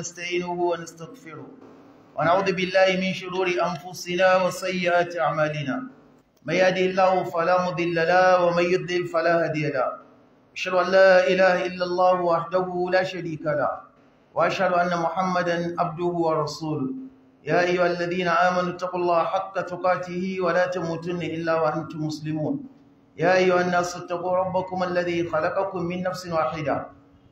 ونستعينه ونستغفره ونعوذ بالله من شرور أنفسنا وسيئات أعمالنا من يهده الله فلا مضل له ومن يضلل فلا هادي له أشهد أن لا إله إلا الله وحده لا شريك له وأشهد أن محمدا عبده ورسوله يا أيها الذين آمنوا اتقوا الله حق تقاته ولا تموتن إلا وأنتم مسلمون يا أيها الناس اتقوا ربكم الذي خلقكم من نفس واحدة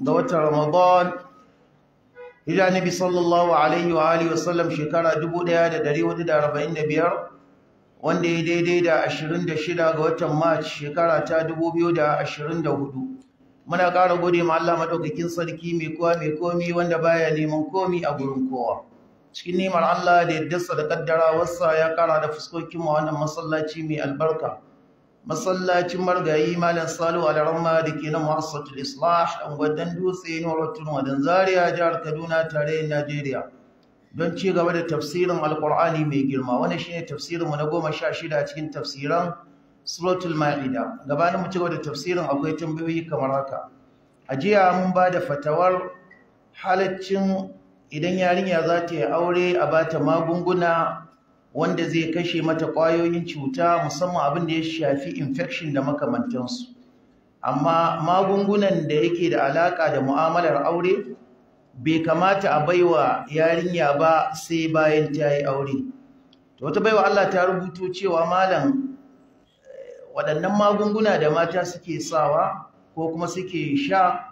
ga watan ramadan hijira nabi sallallahu alaihi wa alihi wasallam shekara 1445 wanda ya daidai da 26 ga watan march shekara ta 2024 muna ƙara gode ma Allah madaukakin sarki mai kowa mai komi wanda baya neman komi a gurin kowa cikin neman Allah da yadda da kaddara wasa ya kara da fuskokin mu wannan masallaci mai albarka masallacin margayi malam salu alaramma da ke na mu'assatul islah an gwadon dutse ne waratun wadan zaria jihar kaduna tarayyar najeriya don ci gaba da tafsirin alkur'ani mai girma wani shine tafsirinmu na goma sha shida cikin tafsiran suratul ma'ida gabanin mu ci gaba da tafsirin akwai tambayoyi kamar haka a jiya mun ba da fatawar halaccin idan yarinya za ta yi aure a bata magunguna wanda zai kashe mata ƙwayoyin cuta musamman abin da ya shafi infection da makamantansu amma magungunan da yake da alaƙa da mu'amalar aure bai kamata a baiwa yarinya ba sai bayan ta yi aure to wata baiwa Allah ta rubuto cewa malam waɗannan magunguna da mata suke sawa ko kuma suke sha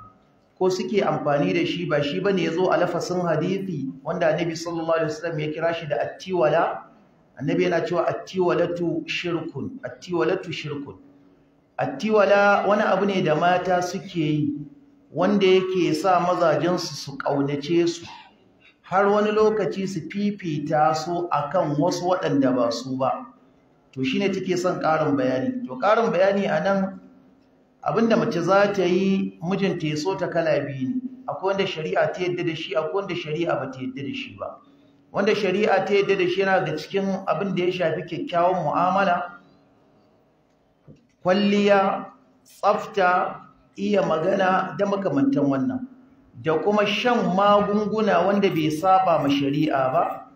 ko suke amfani da shi ba shi ba ne ya zo a lafasin hadisi wanda Annabi sallallahu alaihi wasallam ya kira shi da attiwala annabi yana cewa attiwalatu shirkun attiwalatu shirkun attiwala wani abu ne da mata suke yi wanda yake sa mazajensu su ƙaunace su har wani lokaci su fifita su akan wasu waɗanda ba su ba to shine take son ƙarin bayani to ƙarin bayani anan abinda mace za ta yi mijinta ya so ta kala biyu ne akwai wanda shari'a ta yadda da shi akwai wanda shari'a ba ta yadda da shi ba wanda shari'a ta yadda da shi yana da cikin abin da ya shafi kyakkyawan mu'amala kwalliya tsafta iya magana da makamantan wannan da kuma shan magunguna wanda bai saba ma shari'a ba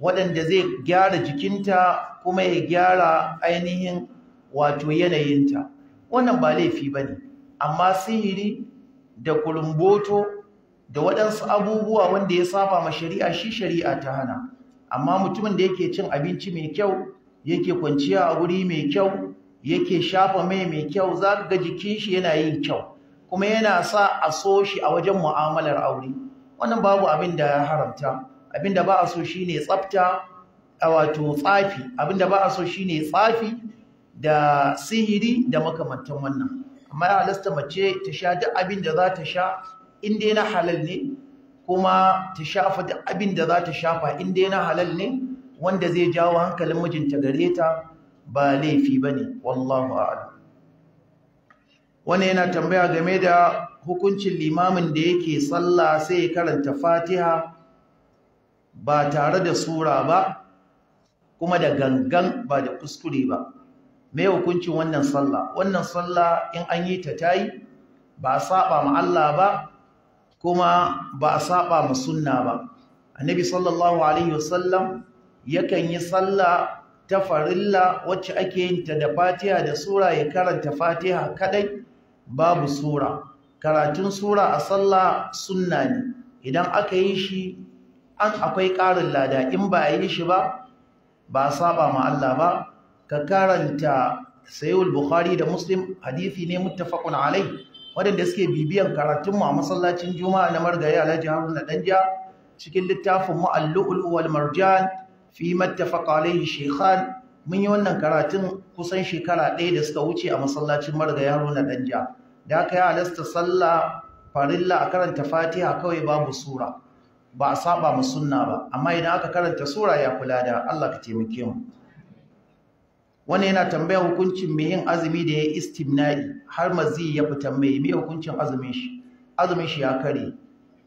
waɗanda zai gyara jikinta kuma ya gyara ainihin wato yanayinta wannan ba laifi ba ne amma sihiri da kulumboto da waɗansu abubuwa wanda ya saba ma shari'a shi shari'a ta hana amma mutumin da yake cin abinci mai kyau yake kwanciya a wuri mai kyau yake shafa mai mai kyau za ka ga jikin shi yana yin kyau kuma yana sa a so shi a wajen mu'amalar aure wannan babu abin da ya haramta abin da ba a so shi ne tsafta a wato tsafi abin da ba a so shi ne tsafi da sihiri da makamantan wannan amma ya halasta mace ta sha duk abin da za ta sha in dai na halal ne kuma ta shafa da abin da za ta shafa in dai na halal ne wanda zai jawo hankalin mijinta gare ta ba laifi ba ne wallahu a'lam wani yana tambaya game da hukuncin limamin da yake sallah sai ya karanta fatiha ba tare da sura ba kuma da gangan ba da kuskure ba mai hukuncin wannan sallah wannan sallah in an yi ta tayi ba saba ma ba kuma ba a saba ma sunna ba annabi sallallahu alaihi wasallam yakan yi sallah ta farilla wacce ake yin ta da fatiha da sura ya karanta fatiha kadai babu sura karatun sura a sallah sunna ne idan aka yi shi an akwai ƙarin lada in ba a yi shi ba ba a saba ma Allah ba ka karanta sayyid bukhari da muslim hadisi ne muttafaqun alai waɗanda suke bibiyan karatunmu a masallacin juma'a na margaya alhaji haruna danja cikin littafin mu al wal marjan fi mattafaqa alayhi mun yi wannan karatun kusan shekara ɗaya da suka wuce a masallacin margaya haruna danja da aka yi halasta sallah farilla a karanta fatiha kawai babu sura ba a saba mu sunna ba amma idan aka karanta sura ya kula da Allah ka taimake mu wani yana tambaya hukuncin mai yin azumi da ya istimna'i har mazi ya fita mai mai hukuncin azumin shi azumin shi ya kare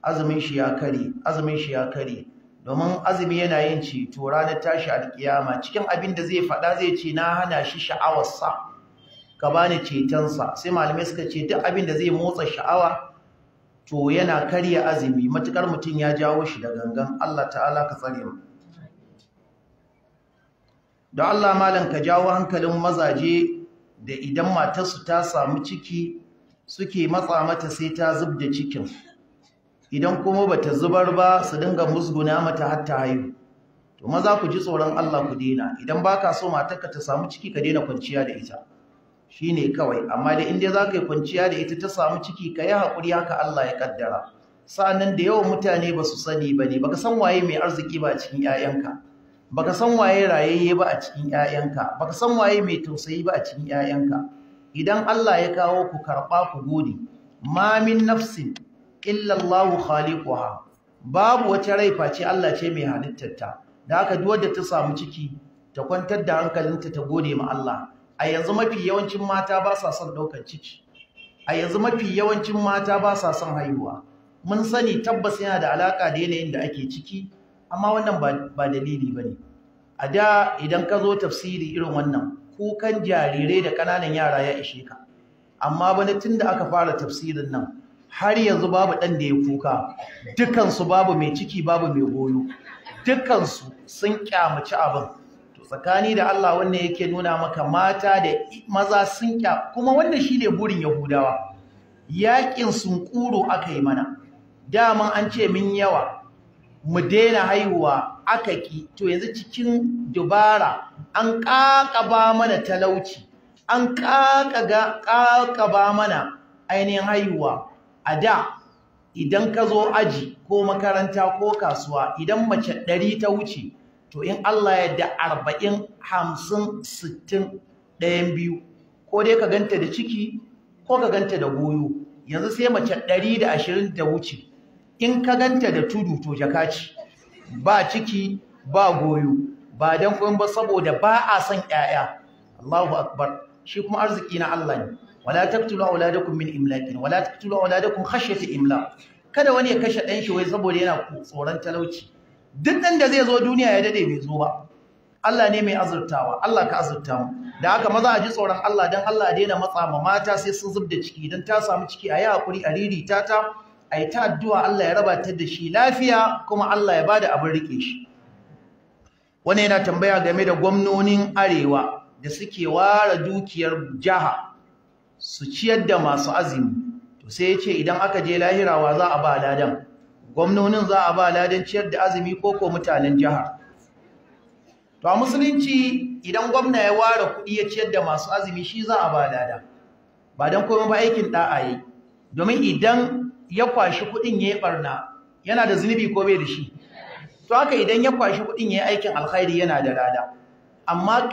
azumin shi ya kare azumin shi ya kare domin azumi yana yin ci to ranar tashi alkiyama cikin abin da zai faɗa zai ce na hana shi sha'awarsa ka bani cetonsa sai malamai suka ce duk abin da zai motsa sha'awa to yana karya azumi matukar mutum ya jawo shi da gangan Allah ta'ala ka tsare mu don Allah malam ka jawo hankalin mazaje da idan matarsu ta samu ciki suke matsa mata sai ta zub da cikin idan kuma ba ta zubar ba su dinga musguna mata har ta haihu to maza ku ji tsoron Allah ku daina idan baka so matarka ta samu ciki ka daina kwanciya da ita shine kawai amma da inda za ka yi kwanciya da ita ta samu ciki ka yi haƙuri haka Allah ya kaddara sa'annan da yawan mutane ba su sani ba ne baka san waye mai arziki ba cikin 'ya'yanka baka san waye rayayye ba a cikin ƴaƴanka baka san waye mai tausayi ba a cikin ƴaƴanka idan Allah ya kawo ku karɓa ku gode ma min nafsin illa Allahu khaliquha babu wata rai face Allah ce mai ta da haka duk wanda ta samu ciki ta kwantar da hankalinta ta gode ma Allah a yanzu mafi yawancin mata ba sa son daukar ciki a yanzu mafi yawancin mata ba sa son haihuwa mun sani tabbas yana da alaka da yanayin da ake ciki amma wannan ba dalili ba ne a da idan ka zo tafsiri irin wannan kukan jarirai da ƙananan yara ya ishe ka amma bane tun da aka fara tafsirin nan har yanzu babu ɗan da ya kuka dukansu babu mai ciki babu mai goyo dukansu sun kyamaci abin to tsakani da Allah wannan yake nuna maka mata da maza sun kya kuma wannan ne burin yahudawa Yaƙin sun kuro aka yi mana daman an ce min yawa mu daina haihuwa aka ki to yanzu cikin dubara an ba mana talauci an ba mana ainihin haihuwa a da idan ka zo aji ko makaranta ko kasuwa idan mace ɗari ta wuce to in Allah ya da arba'in hamsin sittin ɗayan biyu ko dai ka ganta da ciki ko ka ganta da goyo yanzu sai mace ɗari da ashirin ta wuce in ka ganta da tudu to jaka ce ba ciki ba goyo ba dan kun ba saboda ba a son ƴaƴa Allahu akbar shi kuma arziki na Allah ne wala taqtulu auladakum min imlaqin wala taqtulu auladakum khashyati imlaq kada wani ya kashe dan shi wai saboda yana tsoron talauci duk dan da zai zo duniya ya dade bai zo ba Allah ne mai azurtawa Allah ka azurta mu da haka maza a ji tsoron Allah dan Allah daina matsa ma mata sai sun zubda ciki dan ta samu ciki a yi hakuri a ririta ta a yi ta addu'a Allah ya raba ta da shi lafiya kuma Allah ya bada abin rike shi wani yana tambaya game da gwamnonin arewa da suke ware dukiyar jiha su ciyar da masu azumi to sai ya ce idan aka je lahirawa za a ba ladan gwamnonin za a ba ladan ciyar da azumi ko mutanen jiha to a musulunci idan gwamna ya ware kuɗi ya ciyar da masu azumi shi za a ba ladan ba don komai ba aikin ɗa'a yi domin idan ya kwashi kuɗin ya yi ɓarna yana da zunubi ko bai da shi to haka idan ya kwashi kuɗin ya yi aikin alkhairi yana da lada amma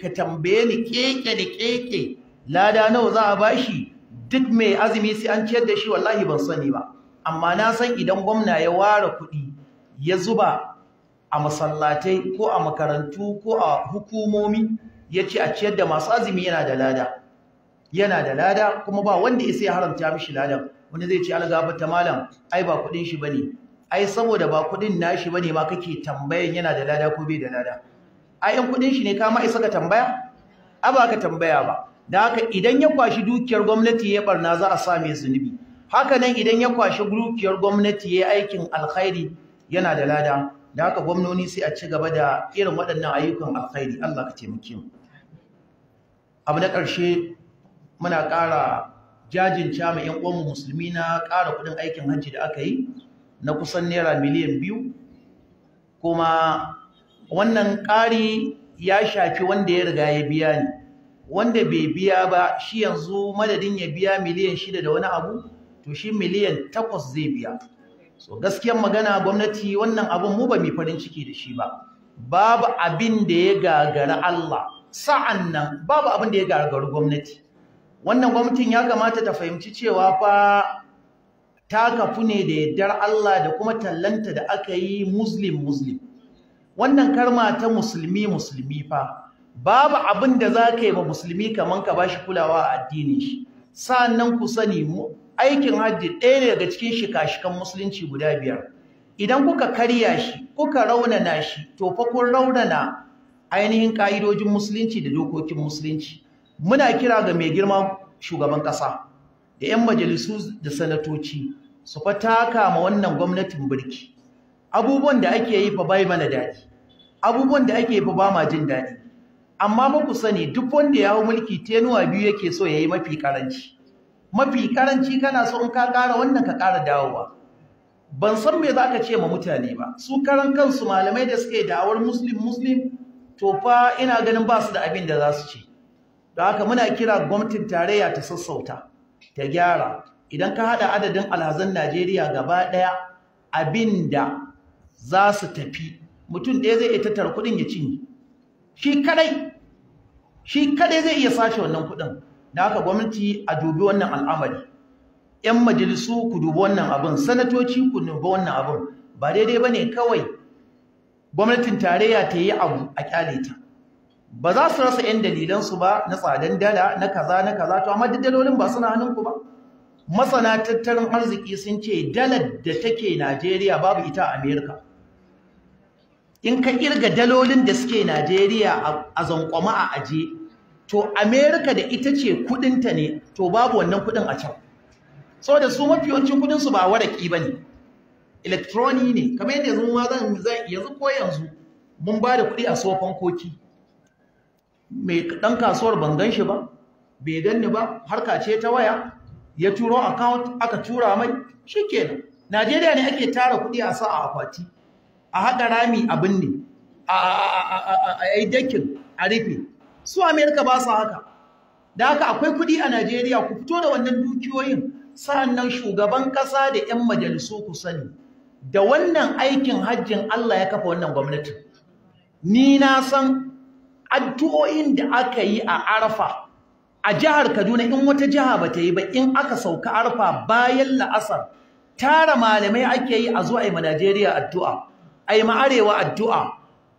ka tambaye ni keke da keke lada nawa za a bashi duk mai azumi sai an ciyar da shi wallahi ban sani ba amma na san idan gwamna ya ware kuɗi ya zuba a masallatai ko a makarantu ko a hukumomi ya ce a ciyar da masu azumi yana da lada yana da lada kuma ba wanda isa ya haramta mishi ladan wani zai ce algaba ta malam ai ba kudin shi bane ai saboda ba kudin nashi bane ma kake tambayan yana da lada ko bai da lada ai in kudin shi ne ka ma isa ka tambaya a ba ka tambaya ba da haka idan ya kwashi dukiyar gwamnati ya barna za a sa mai zunubi haka nan idan ya kwashi dukiyar gwamnati ya aikin alkhairi yana da lada da haka gwamnoni sai a ci gaba da irin waɗannan ayyukan alkhairi Allah ka taimake mu abu na ƙarshe muna ƙara jajin mai 'yan uwanmu musulmi na ƙara kuɗin aikin hajji da aka yi na kusan naira miliyan biyu kuma wannan ƙari ya shafi wanda ya riga ya biya ne wanda bai biya ba shi yanzu madadin ya biya miliyan shida da wani abu to shi miliyan takwas zai biya so gaskiyar magana gwamnati wannan abin mu ba mai farin ciki da shi ba babu abin da ya gagara Allah sa'an nan babu abin da ya gagari gwamnati wannan gwamnatin ya kamata ta fahimci cewa fa ta kafu ne da yardar Allah da kuma tallanta da aka yi muslim muslim wannan karma ta musulmi musulmi fa babu abin da za ka yi ba musulmi kamar ka ba shi kulawa a addini shi sa'annan ku sani aikin hajji ɗaya ne daga cikin shika-shikan musulunci guda biyar idan kuka karya shi kuka raunana shi to fa kun raunana ainihin ƙa'idojin musulunci da dokokin musulunci muna kira ga mai girma shugaban ƙasa da 'yan majalisu da sanatoci su fa taka ma wannan gwamnatin birki abubuwan da ake yi fa bai mana daɗi abubuwan da ake yi fa ba ma jin daɗi amma muku sani duk wanda ya hau mulki tenuwa biyu yake so ya yi mafi karanci mafi karanci kana so in ka ƙara wannan ka ƙara dawowa ban san me za ka ce ma mutane ba su karan kansu malamai da suke da'awar muslim muslim to fa ina ganin ba su da abin da za su ce da haka muna kira gwamnatin tarayya ta sassauta ta gyara idan ka hada adadin alhazan Najeriya gaba daya abinda za su tafi mutum ɗaya zai iya tattara kuɗin ya cinye shi kadai shi kadai zai iya sace wannan kuɗin da haka gwamnati a dubi wannan al'amari yan majalisu ku dubi wannan abin sanatoci ku dubi wannan abin ba daidai bane kawai gwamnatin tarayya ta yi abu a kyale ta ba za su rasa 'yan dalilansu ba na tsadan dala na kaza na kaza to amma duk dalolin ba suna hannunku ba masana tattalin arziki sun ce dalar da take najeriya babu ita a amerika in ka kirga dalolin da suke najeriya a zankwama a aje to amerika da ita ce kudinta ne to babu wannan kudin a can saboda su mafi yawancin kudinsu ba waraki ba ne elektroni ne kamar yanzu ma zan yanzu ko yanzu mun ba da kudi a sofan koki mai ɗan kasuwar ban gan shi ba bai ganni ba harka ce ta waya ya turo account aka tura mai shi nan. najeriya ne ake tara kuɗi a sa a akwati a haɗa rami abin ne a yi dakin a rufe su amerika ba su haka da haka akwai kuɗi a najeriya ku fito da wannan dukiyoyin sa'annan shugaban ƙasa da 'yan majalisu ku sani da wannan aikin hajjin allah ya kafa wannan gwamnati ni na san addu'o'in da aka yi a arfa, a jihar Kaduna in wata jiha ba ta yi ba in aka sauka arfa bayan la'asar tara malamai ake yi a zuwa yi ma Najeriya addu'a a ma arewa addu'a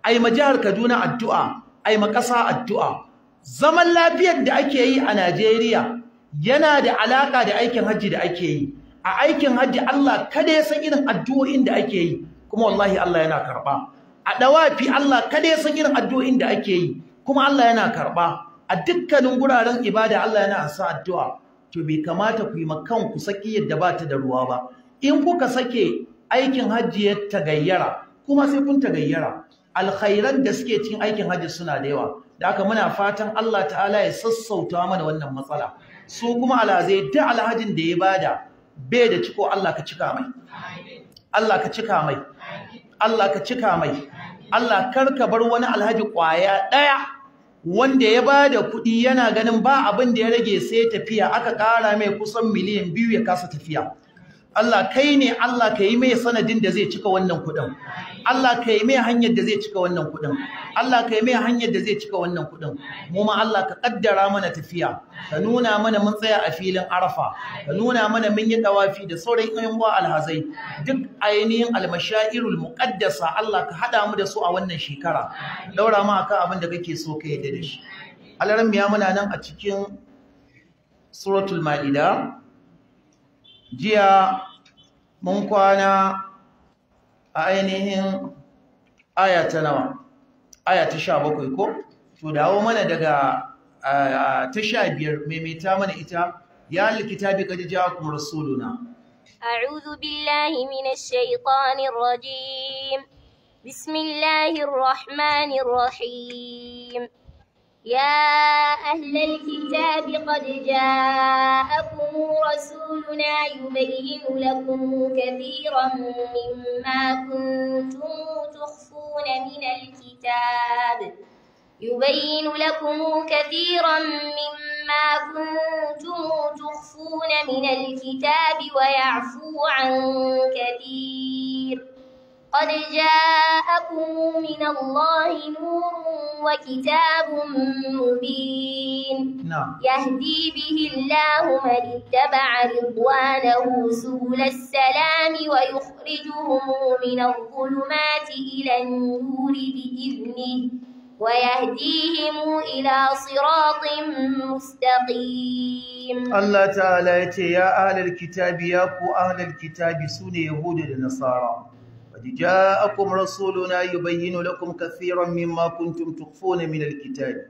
yi ma jihar Kaduna addu'a yi ma ƙasa addu'a zaman lafiyar da ake yi a Najeriya yana da alaƙa da aikin hajji da ake yi a aikin hajji Allah kada ya san irin addu'o'in da ake yi kuma wallahi Allah yana karɓa a ɗawafi Allah kada ya san irin addu'o'in da ake yi kuma Allah yana karɓa. a dukkanin guraren ibada Allah yana sa addu'a to bai kamata ku yi makan ku saki yadda ba ta da ruwa ba in kuka sake aikin hajji ya tagayyara kuma sai kun tagayyara alkhairan da suke cikin aikin hajji suna da yawa da haka muna fatan Allah ta'ala ya sassauta mana wannan matsala su kuma alazai duk alhajin da ya bada bai da ciko Allah ka cika mai Allah ka cika mai Allah ka cika mai Allah kar ka bar wani alhaji kwaya ɗaya. wanda ya ba da kuɗi yana ganin ba abin da ya rage sai tafiya aka ƙara mai kusan miliyan biyu ya kasa tafiya Allah kai ne Allah ka yi mai sanadin da zai cika wannan kuɗin Allah ka yi mai hanyar da zai cika wannan kuɗin Allah ka yi mai hanyar da zai cika wannan kuɗin mu ma Allah ka kaddara mana tafiya ka nuna mana mun tsaya a filin Arafa ka nuna mana mun yi dawafi da sauran ƴan ba alhazai duk ainihin almashairul muqaddasa Allah ka hada mu da su a wannan shekara daura mu akan abin da kake so ka yadda da shi alaran miya muna nan a cikin suratul ma'ida jiya mun kwana a ainihin ayata nawa ayata sha bakwai ko to dawo mana daga ta sha biyar maimaita mana ita ya likita bi kaji jawa kuma rasuluna أعوذ بالله من الشيطان الرجيم بسم الله الرحمن الرحيم يا أهل الكتاب قد جاءكم رسولنا يبين لكم كثيرا مما كنتم تخفون من الكتاب يبين لكم كثيرا مما كنتم تخفون من الكتاب ويعفو عن كثير قد جاءكم من الله نور وكتاب مبين نعم. يهدي به الله من اتبع رضوانه سبل السلام ويخرجهم من الظلمات إلى النور بإذنه ويهديهم إلى صراط مستقيم الله تعالى يا أهل الكتاب يا أهل الكتاب سوني يهود النصارى قد جاءكم رسولنا يبين لكم كثيرا مما كنتم تخفون من الكتاب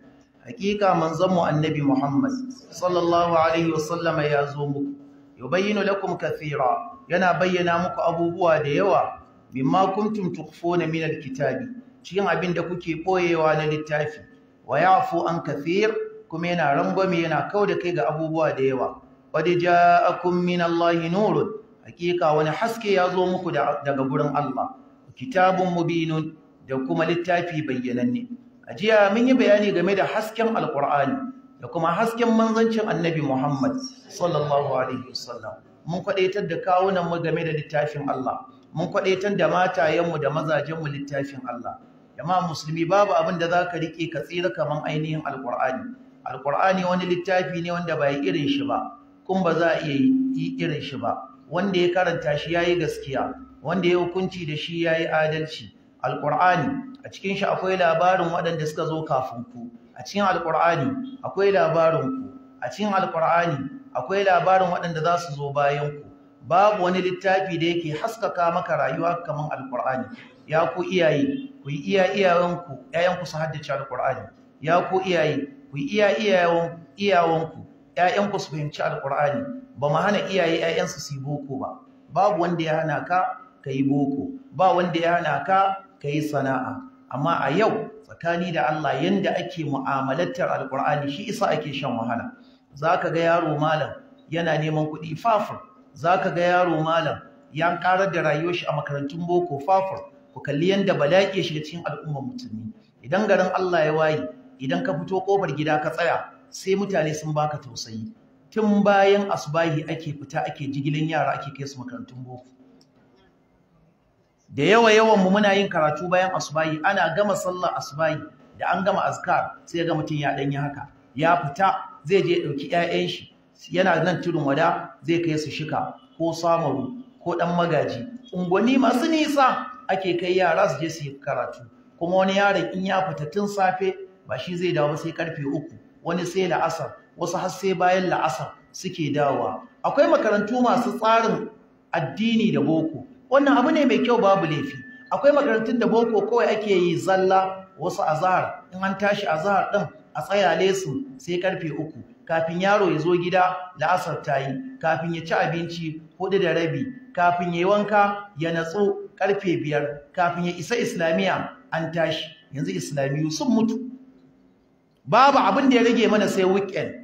حقيقة من زمو النبي محمد صلى الله عليه وسلم يا زومك يبين لكم كثيرا yana bayyana muku abubuwa da yawa mimma kuntum tukhfuna min alkitabi cikin abin da kuke boyewa na littafi wa ya'fu an kathir kuma yana rangwame yana kauda kai ga abubuwa da yawa qad ja'akum min allahi nurun hakika wani haske ya zo muku daga gurin Allah kitabun mubinun da kuma littafi bayyananne a jiya mun yi bayani game da hasken alkur'ani da kuma hasken manzancin annabi muhammad sallallahu alaihi wasallam mun kwadaitar da kawunanmu game da littafin Allah mun kwadaitar da matayenmu da mazajenmu littafin Allah jama'a musulmi babu abin da zaka rike ka tsira kaman ainihin alkur'ani alkur'ani wani littafi ne wanda bai irin shi ba kun ba za a iya yi irin shi ba wanda ya karanta shi yayi gaskiya wanda ya hukunci da shi yayi adalci alqur'ani a cikin shi akwai labarin waɗanda suka zo kafin ku a cikin alqur'ani akwai labarin ku a cikin alqur'ani akwai labarin waɗanda za su zo bayan ku babu wani littafi da yake haskaka maka rayuwa kaman alqur'ani ya ku iyaye ku yi iya yayan ku su haddace alqur'ani ya ku iyaye ku yi iya iyawanku ku su fahimci alqur'ani ba mu hana iyaye ƴaƴansu su yi boko ba babu wanda ya hana ka ka yi boko ba wanda ya hana ka ka yi sana'a amma a yau tsakani da Allah yanda ake mu'amalatar alqur'ani shi isa ake shan wahala zaka ga yaro malam yana neman kuɗi fafur zaka ga yaro malam ya karar da rayuwar shi a makarantun boko fafur ku kalli yanda bala'i ya shiga cikin al'ummar musulmi idan garin Allah ya waye idan ka fito kofar gida ka tsaya sai mutane sun baka tausayi tun bayan asubahi ake fita ake jigilan yara ake kai su makarantun boko da yawa yawan mu muna yin karatu bayan asubahi ana gama sallar asubahi da an gama azkar sai ga mutum ya danyi haka ya fita zai je dauki ƴaƴan shi yana nan tudun wada zai kai su shika ko samaru ko dan magaji unguwanni masu nisa ake kai yara su je su yi karatu kuma wani yaron in ya fita tun safe ba shi zai dawo ba sai karfe uku wani sai la'asar wasu har sai bayan la'asar suke dawa. akwai makarantu masu tsarin addini da boko wannan abu ne mai kyau babu laifi akwai makarantun da boko kawai ake yi zalla wasu azahar. in an tashi azahar din a tsaya lesu sai karfe uku kafin yaro ya zo gida la'asar ta yi kafin ya ci abinci hudu da rabi kafin ya yi wanka ya natsu karfe biyar kafin ya isa islamiyya an tashi yanzu islamiyu sun mutu babu abin da ya rage mana sai weekend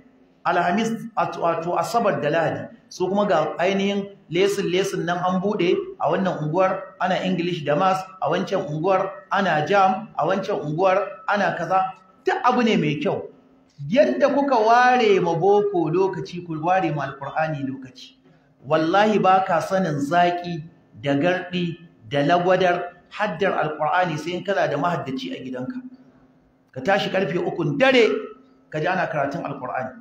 alhamis wato asabar da lahadi su kuma ga ainihin lesson lesson nan an bude a wannan unguwar ana english da mas, a wancan unguwar ana jam a wancan unguwar ana kaza ta abu ne mai kyau yadda kuka ware ma boko lokaci ku ware ma alqur'ani lokaci wallahi ba ka sanin zaki da gardi da lagwadar haddar alqur'ani sai in kana da mahaddaci a gidanka ka tashi karfe ukun dare ka ji ana karatun alkur'ani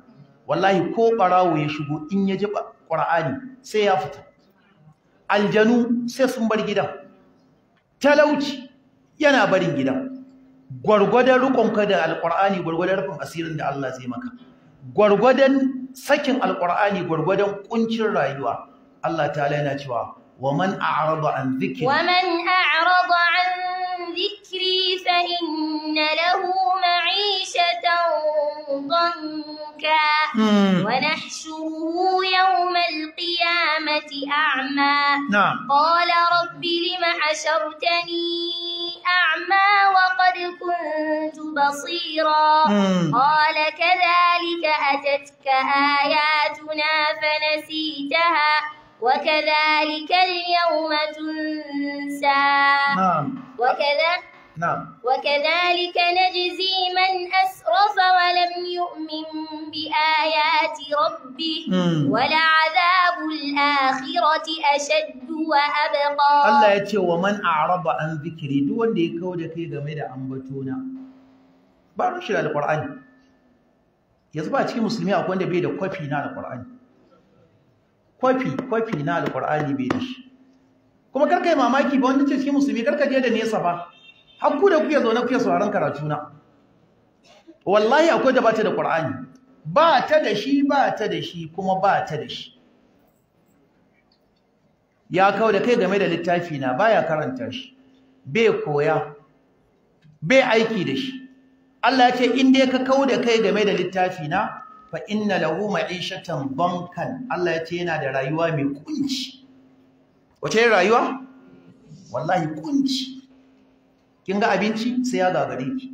wallahi ko barawo ya shigo in ya ji qur'ani sai ya fita aljanu sai sun bar gidan talauci yana barin gidan gwargwadon rukunka da alkur'ani gwargwadon rufin asirin da Allah zai maka gwargwadon sakin alkur'ani gwargwadon ƙuncin rayuwa Allah ta yana cewa wa man a'rada an dhikri ذكري فإن له معيشة ضنكا ونحشره يوم القيامة أعمى نعم. قال رب لم حشرتني أعمى وقد كنت بصيرا قال كذلك أتتك آياتنا فنسيتها وكذلك اليوم تنسى نعم وكذا نعم وكذلك نجزي من أسرف ولم يؤمن بآيات ربه ولعذاب الآخرة أشد وأبقى الله يتشي ومن أعرض عن ذكري دون دي كودة كي غميدة أنبتونا بارو شغال القرآن يزبا تشكي مسلمي أكوان دي بيدو كوفي نال القرآن kwafi kwafi na alkur'ani bai da shi kuma karka yi mamaki ba wanda ce cikin musulmi karka je da nesa ba haku ku da kuke zaune kuke sauraron karatu na wallahi akwai da bata da qur'ani ba ta da shi ba ta da shi kuma ba ta da shi ya kawo da kai game da littafi na baya karanta shi bai koya bai aiki da shi Allah ya ce in dai ka kawo da kai game da littafi na fa inna lahu ma'ishatan bankan Allah ya ce yana da rayuwa mai kunci wace rayuwa wallahi kunci kin ga abinci sai ya gagare ki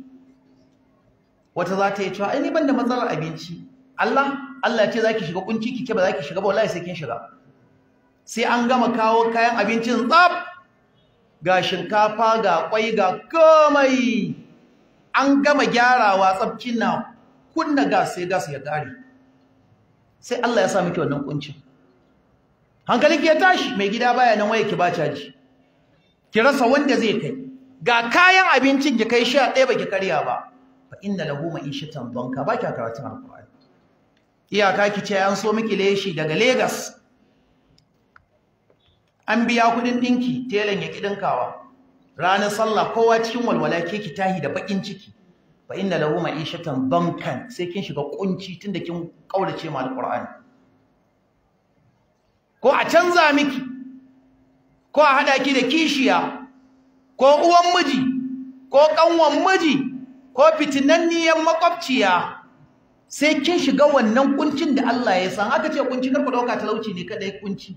wata za ta yi cewa ai ni ban da matsalar abinci Allah Allah ya ce zaki shiga kunci ki ke ba zaki shiga ba wallahi sai kin shiga sai an gama kawo kayan abincin tsaf ga shinkafa ga kwai ga komai an gama gyarawa tsafkin na kunna gas sai gas ya tare sai Allah ya sa miki wannan kuncin hankalinki ya tashi mai gida baya nan waye ki ba caji ki rasa wanda zai kai ga kayan abincin ki kai a ɗaya baki karya ba fa inna lahu ishatan banka ba kya karatun alqur'ani iyaka ki ce an so miki leshi daga Lagos an biya kudin dinki telan ya kidinkawa ranar sallah kowa cikin walwala ke ki tahi da bakin ciki fa inna lahu ma'ishatan bankan sai kin shiga kunci tunda kin kaurace ma alqur'ani ko a canza miki ko a hada ki da kishiya ko uwan miji ko kanwan miji ko fitinanniyan makwabciya sai kin shiga wannan kuncin da Allah ya san aka ce kunci kar ku dauka talauci ne kada kunci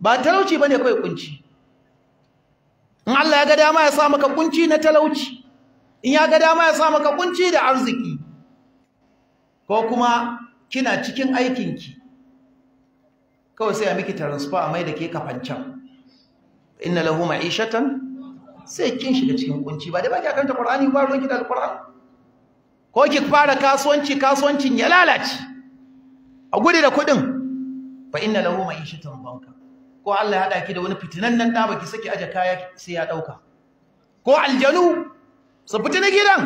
ba talauci bane kai kunci in Allah ya ga dama ya sa maka kunci na talauci in ya ga dama ya sa maka kunci da arziki ko kuma kina cikin aikinki kawai sai a miki transfer a mai da ke kafancan inna lahu ma'ishatan sai kin shiga cikin kunci ba dai ba ki akanta qur'ani ba ruwanki da alqur'ani ko ki fara kasuwanci kasuwancin ya lalace a gudu da kuɗin fa inna lahu ma'ishatan banka ko Allah ya hada ki da wani nan da baki saki aje kaya sai ya dauka ko aljanu su fita na gidan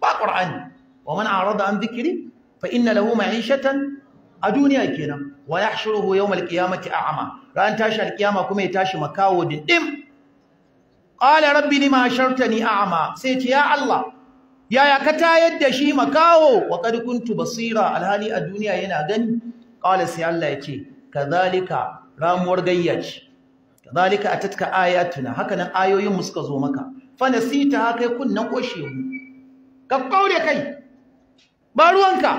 ba ƙur'ani wa man arada an zikiri fa inna lahu shatan? a duniya kenan wa yahshuruhu yawmal qiyamati a'ma ran tashi alkiyama kuma ya tashi makawo dindim qala rabbi lima ashartani a'ma sai ce ya Allah yaya ka tayar da shi makawo wa qad basira alhali a duniya yana gani ƙala sai Allah ya ce kadhalika ramuwar gayyaci 'a atatka ayatuna hakanan ayoyin mu suka zo maka fa nasita kai kunnan koshe mu ka kaure kai ba ruwanka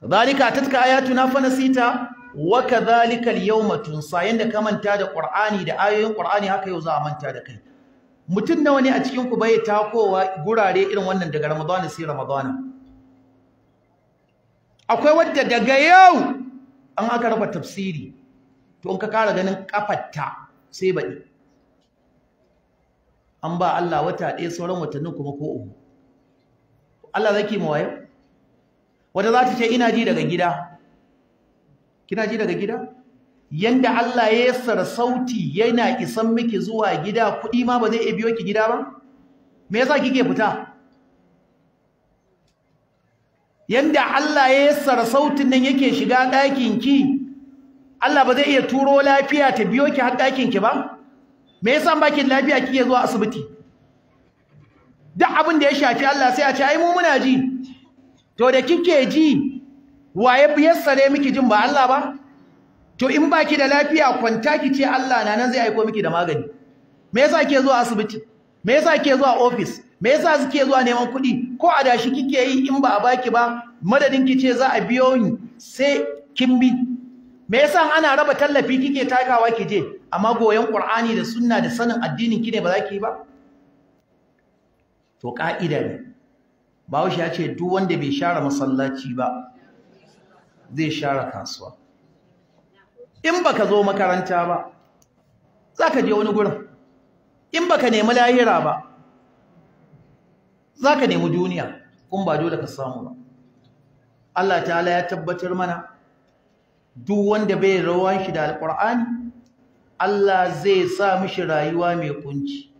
kadhalika tatka ayatuna fa nasita wa kadhalika al-yawma tunsa yanda ka manta da qur'ani da ayoyin qur'ani haka yau za a manta da kai mutum nawa ne a cikin ku bai takowa gurare irin wannan daga ramadana sai ramadana akwai wadda daga yau an aka rafa tafsiri to in ka kara ganin kafatta sai baɗi an ba Allah wata ɗaya sauran watannin kuma ko uku Allah zai ki mawaye wata za ta ce ina ji daga gida kina ji daga gida yanda Allah ya yassara sauti yana isan miki zuwa gida kuɗi ma ba zai iya biyo ki gida ba me yasa kike fita yanda Allah ya yassara sautin nan yake shiga ɗakin ki Allah ba zai iya turo lafiya ta biyo ki har ɗakin ki ba me yasa baki lafiya kike zuwa asibiti duk abin da ya shafi Allah sai a ce ai mu muna ji to da kike ji waye yassare miki jin ba Allah ba to in baki da lafiya kwanta ki ce Allah na nan zai aiko miki da magani me yasa kike zuwa asibiti me yasa kike zuwa office me yasa kike zuwa neman kuɗi ko a dashi kike yi in ba a baki ba madadin ki ce za a biyo ni sai kin bi me yasa ana raba tallafi kike takawa ki je amma goyon Qur'ani da suna da sanin addinin kine ba za ki yi ba to ka'ida ne Bahaushe ya ce duk wanda bai share masallaci ba zai share kasuwa in ba ka zo makaranta ba za ka je wani gurin in ba ka nemi lahira ba za ka nemi duniya kun ba dole ka samu ba Allah ta ala ya tabbatar mana duk wanda bai rawan shi da alqur'ani Allah zai sa mishi rayuwa mai kunci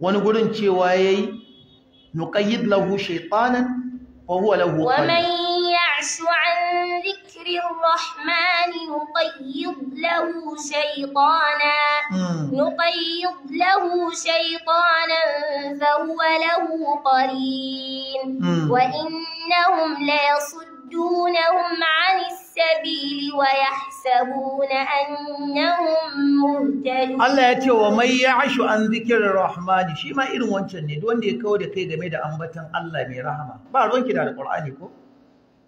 wani gurin cewa yayi nuqayyid lahu shaytanan wa huwa lahu wa man ya'shu an dhikri ar-rahman nuqayyid lahu shaytanan hmm. nuqayyid lahu shaytanan fa huwa lahu qarin hmm. wa innahum la yasuddunahum 'an السبيل ويحسبون أنهم مهتدون الله يتي ومن يعش عن ذكر الرحمن شي ما irin wancan ne duk wanda ya kawo da kai game da ambatan Allah mai rahama ba ruwan ki da alqur'ani ko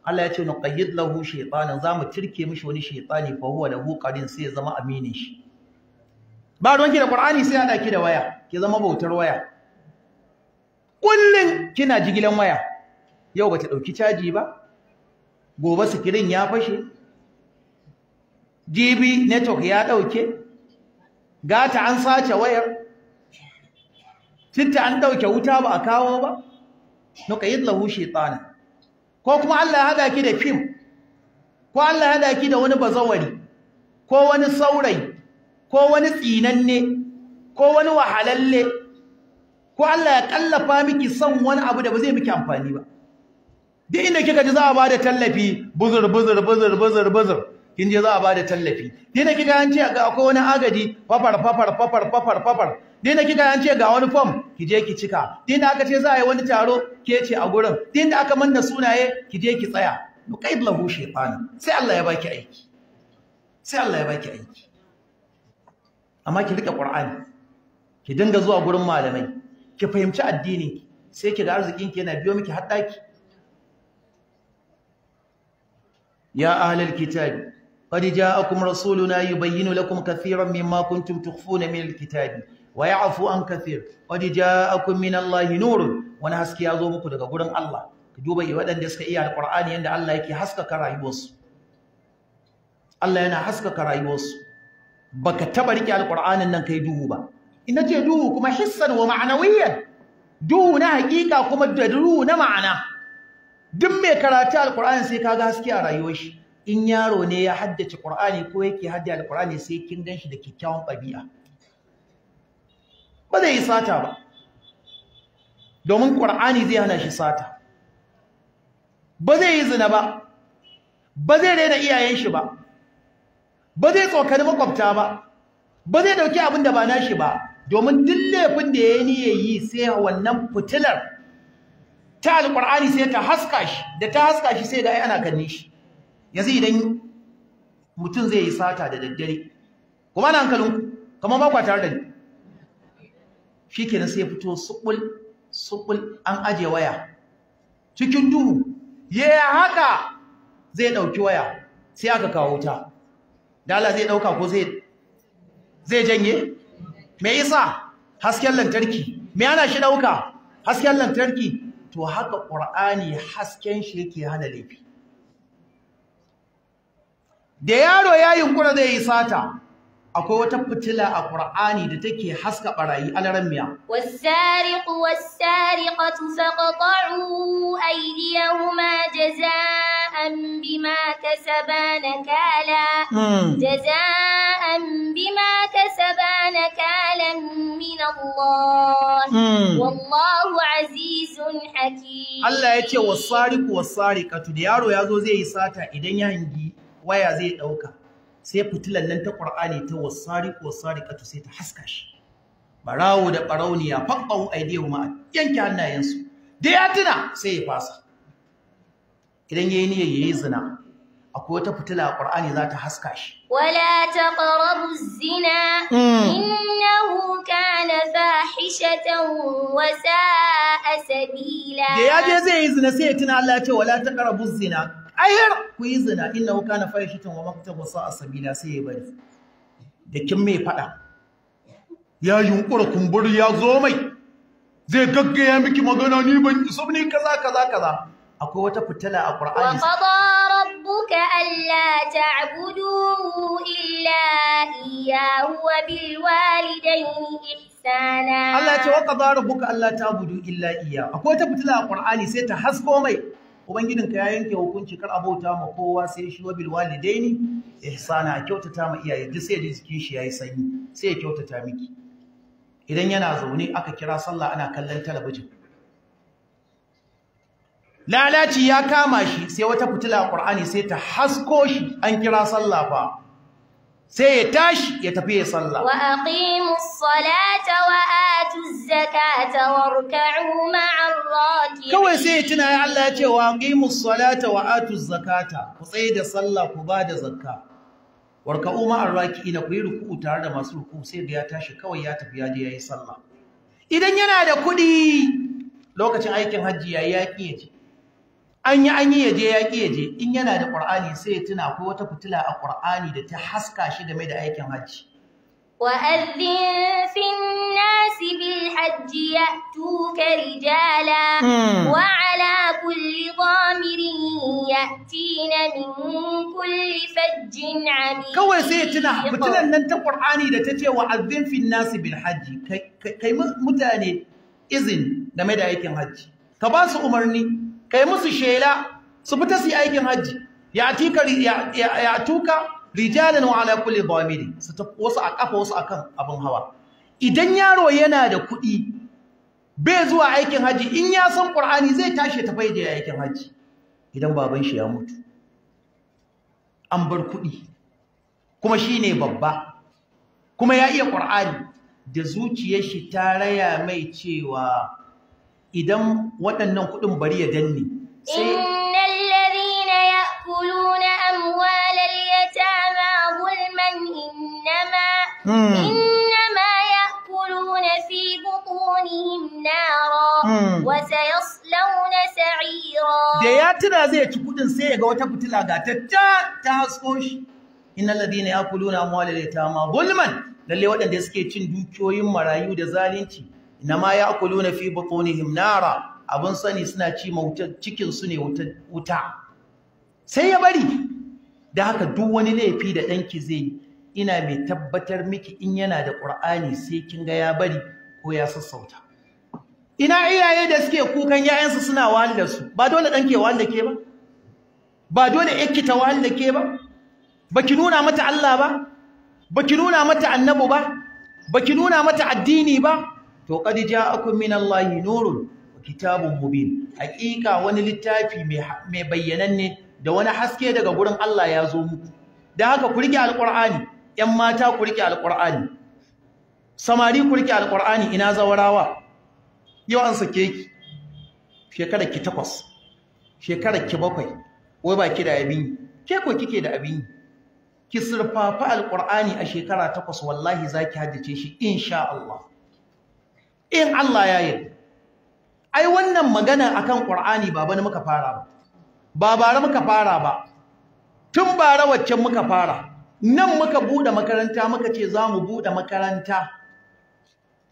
Allah ya ce nu qayyid lahu shaytanan zamu tirke mishi wani shaytani fa huwa lahu qarin ya zama aminin shi ba ruwan ki da qur'ani sai ya ki da waya ki zama bautar waya kullun kina jigilan waya yau bata ɗauki caji ba gobe sikirin ya fashe jibi network ya ɗauke gata an sace wayar tinta an ɗauke wuta ba a kawo ba nuqayyid lahu shaytana ko kuma Allah hada ki da fim ko Allah hada ki da wani bazawari ko wani saurai ko wani tsinanne ko wani wahalalle ko Allah ya kallafa miki son wani abu da ba zai miki amfani ba duk inda kika ji za a bada tallafi buzur buzur buzur buzur buzur kin je za a bada tallafi duk inda kika an ga akwai wani agaji fafar fafar fafar fafar fafar duk inda kika an ga wani form ki je ki cika duk inda aka ce za a yi wani taro ke ce a gurin duk inda aka manna sunaye ki je ki tsaya nuqaid lahu shaytan sai Allah ya baki aiki sai Allah ya baki aiki amma ki rike Qur'ani ki dinga zuwa gurin malamai ki fahimci addini sai ki ga arzikin ki yana biyo miki har daki يا أهل الكتاب قد جاءكم رسولنا يبين لكم كثيرا مما كنتم تخفون من الكتاب ويعفو عن كثير قد جاءكم من الله نور wani haske ya zo muku daga gurin Allah ka duba da suka iya alƙur'ani yadda Allah yake haskaka rayuwarsu Allah yana haskaka rayuwarsu baka taba rike alƙur'anin nan kai duhu ba ina duhu kuma hissan wa ma'anawiyyan duhu na hakika kuma da duhu na ma'ana duk mai karatu alkur'ani sai kaga haske a rayuwar shi in yaro ne ya haddace qur'ani ko yake haddace alkur'ani sai kin ganshi da kikkiawan ɗabi'a ba zai yi sata ba domin qur'ani zai hana shi sata ba zai yi zina ba ba zai daina iyayen shi ba ba zai tsokani makwabta ba ba zai dauki abin da ba nashi ba domin duk laifin da ya niye yi sai wannan fitilar ta Alƙur'ani sai ta haska shi da ta haska shi sai da ai ana kanne shi yanzu idan mutum zai yi sata da daddare kuma na kalun kamar ba tare da ni kenan sai fito sukul sukul an aje waya cikin duhu ya haka zai dauki waya sai aka kawo ta dala zai dauka ko zai janye me isa hasken lantarki me ana shi ɗauka? hasken lantarki to haka ƙur'ani hasken shi yake hana laifi da yaro ya yunkura zai yi sata akwai wata fitila a Qur'ani da take haska barayi alarammiya was-sariqu was-sariqatu faqta'u aydiyahuma jazaa'an bima na kala bi. نكالا من الله والله عزيز حكيم الله يتي والسارق والسارقة da yaro ya zo zai yi sata idan ya hangi waya zai ɗauka, sai fitilan nan ta Qur'ani ta wasariq wasariqatu sai ta haska shi barawo da barauniya faqau aidiyu ma yanke hannayensu da ya tuna sai ya fasa idan yayi niyyar yayi zina akwai wata fitila a Qur'ani za ta haska shi wala taqrabu zina hmm. huka na fahishatan wasa a sabila da yaje zai yi zina sai ya tuna Allah ya ce wala taqrabu zina ayar ku yi zina innahu na fahishatan wa maktab wa a sabila sai ya bari da kin mai fada ya yunkura kumburi ya zo mai zai gaggaya miki magana ni ban isa ne kaza kaza kaza akwai wata fitila a Qur'ani ربك ألا تعبدوا إلا إياه وبالوالدين إحسانا الله يتوقع ربك ألا تعبدوا إلا إياه أقول تبتلى القرآن سيتا حسكو مي Ubangijinka ya yanke hukunci kar a bauta ma kowa sai shi wa bilwalidaini ihsana kyautata ma iyaye duk sai da jikin shi yayi sanyi sai ya kyautata miki idan yana zaune aka kira sallah ana kallon talabijin lalaci ya kama shi sai wata fitila a ƙur'ani sai ta hasko shi an kira sallah fa sai ya tashi ya tafi ya sallah wa aqimu salata wa atu zakata warka'u ma'ar raki'in kawai sai ya tuna ya Allah ya ce wa aqimu wa atu zakata ku tsaye da sallah ku ba da zakka warka'u ma'ar raki'in ku yi ruku'u tare da masu ruku'u sai ya tashi kawai ya tafi ya je yayi sallah idan yana da kuɗi lokacin aikin hajji yayi yaƙi ya ce an yi an yi yaje ya ƙi yaje in yana da ƙur'ani sai ya tuna ko wata fitila a ƙur'ani da ta haska shi game da aikin hajji وأذن في الناس بالحج يأتوك رجالا وعلى كل ضامر يأتين من كل فج عميق كوي سيتنا بتنا أن أنت قرآني لتتي وأذن في الناس بالحج كي, كي متاني إذن لما يدعيك الحج كباس أمرني kai musu shela su fita su yi aikin hajji ya tuka ya tuka rijalan wa ala kulli dhamiri su wasu a kafa wasu akan abin hawa idan yaro yana da kuɗi bai zuwa aikin hajji, in ya san ƙur'ani zai tashi ta faida ya aikin hajji. idan baban shi ya mutu an bar kuɗi kuma shine babba kuma ya iya ƙur'ani da zuciyar shi ta raya mai cewa idan waɗannan kuɗin bari ya danne sai إنما يأكلون في بطونهم نارا وسيصلون سعيرا da ya tuna zai ci kuɗin sai ya ga wata fitila ga ta ta hasko shi innal ladina yakuluna amwalal yatama gulman lalle waɗanda suke cin dukiyoyin marayu da zalunci inama na fi butunihim nara abin sani suna ci mautar cikin su ne wuta sai ya bari da haka duk wani laifi da ɗanki zai ina mai tabbatar miki in yana da ƙura'ani sai kin ga ya bari ko ya sassauta ina iyaye da suke kukan yayansu suna wahalar su ba dole ɗanke ya wahalar ke ba ba dole ikita ta wahalar ke ba Ba ki nuna mata Allah ba Ba ki nuna mata Annabu ba Ba ki nuna mata addini ba to qad ja'akum min Allahi nurun wa kitabun mubin haqiqa wani littafi mai bayyananne da wani haske daga gurin Allah ya zo muku Da haka ku rike alqur'ani ƴan mata ku rike alqur'ani samari ku rike alqur'ani ina zawarawa yau an sake ki shekara ki takwas shekara ki bakwai wai ba ki da abin ke ko kike da abin ki surfafa alqur'ani a shekara takwas wallahi zaki haddace shi insha Allah in Allah ya yi. ai wannan magana akan Qur'ani baba ne muka fara ba ba bare muka fara ba tun bara waccan muka fara nan muka bude makaranta muka ce za mu bude makaranta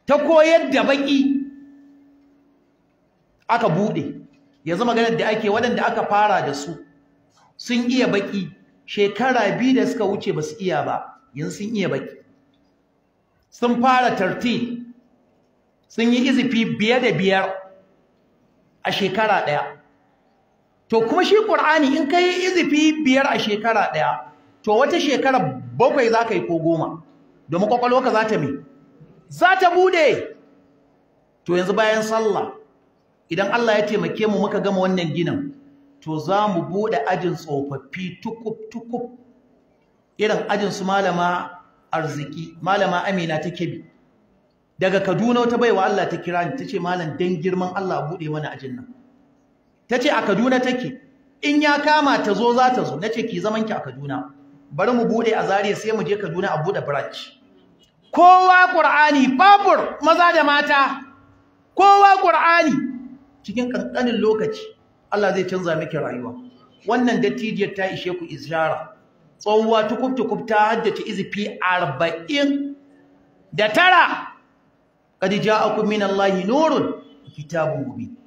ta koyar da baki aka bude yanzu maganar da ake waɗanda aka fara da su sun iya baki shekara biyu da suka wuce ba su iya ba yanzu sun iya baki sun fara 13. sun yi izifi biye da biyar a shekara ɗaya to kuma shi ƙur'ani in ka yi izifi biyar a shekara ɗaya to wata shekara bakwai za ka yi ko goma domin ka za ta mi za ta bude to yanzu bayan sallah idan Allah ya taimake mu muka gama wannan ginin to za mu bude ajin tsofaffi tukup-tukup irin ajin su malama arziki malama amina ta kebi daga Kaduna wata baiwa Allah ta kira ni ce malam dan girman Allah buɗe mana ajin nan Ta ce a Kaduna take in ya kama ta zo za ta zo na ce ki zaman ki a Kaduna bari mu buɗe a Zariya sai mu je Kaduna a buɗe branch kowa Qur'ani babur maza da mata kowa Qur'ani cikin kankanin lokaci Allah zai canza miki rayuwa wannan dattijiyar ta ishe ku izhara tsawwa tukuf ta haddace fi arba'in da tara Kadija ja'akum minallahi allahi nurun kitabun mubin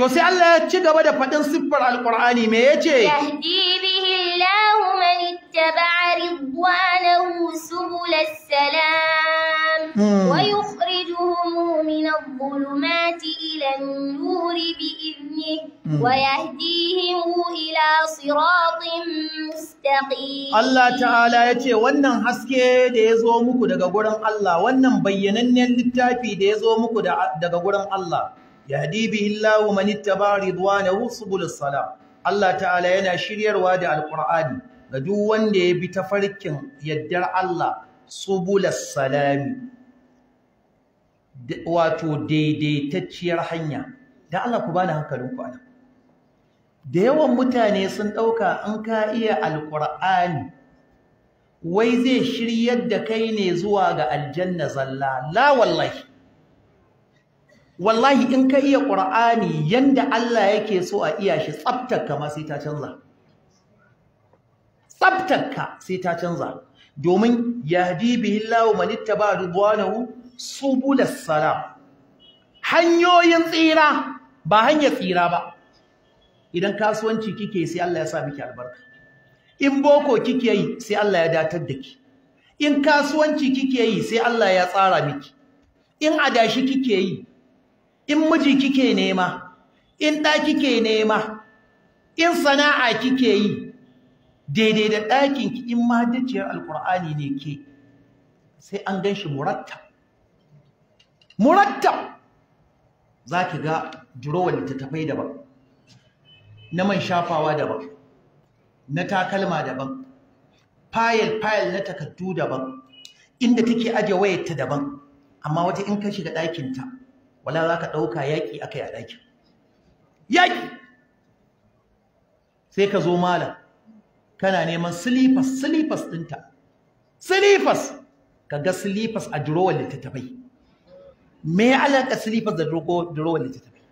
To sai Allah ya ci gaba da faɗin siffar Alƙur'ani me ya ce? Yahdi bihi Allahu man ittaba'a ridwanahu subulas salam hmm. wa yukhrijuhum min adh-dhulumati ila an-nuri bi idnihi hmm. wa yahdihim ila siratin mustaqim. Allah ta'ala ya ce wannan haske da ya zo muku daga gurin Allah wannan bayyanannen littafi da ya zo muku daga gurin Allah. yahdi bihi Allahu man ittaba ridwanahu subulus salam Allah ta'ala yana shiryarwa da alqur'ani ga duk wanda ya bi tafarkin yaddar Allah subulus salami wato daidaitacciyar hanya da Allah ku bani hankalinku anan da yawan mutane sun ɗauka an ka iya alƙur'ani wai zai shiryar da kai ne zuwa ga aljanna zalla la wallahi wallahi in ka iya ƙur'ani yanda Allah yake so a iya shi tsaftarka ma sai ta canza tsaftarka sai ta canza domin yahdi bihi Allahu man ittaba ridwanahu subulas salam hanyoyin tsira ba hanyar tsira ba idan kasuwanci kike sai Allah ya sa miki albarka in boko kike yi sai Allah ya datar da ki in kasuwanci kike yi sai Allah ya tsara miki in adashi kike yi in miji kike nema in ɗa kike nema in sana'a kike yi daidai da ɗakin ki in ma dajiyar alkur'ani ne ke sai an gan shi murattab murattab za ki ga durowar littattafai daban na man shafawa daban na takalma daban fayil-fayil na takardu daban inda take aje wayarta daban amma wata in ka shiga ɗakinta wala za ka ɗauka yaƙi aka yi a ɗakin yaƙi sai ka zo malam kana neman silifas silifas ɗinta silifas ka ga silifas a durowar littattafai me ya alaƙa silifas da durowar littattafai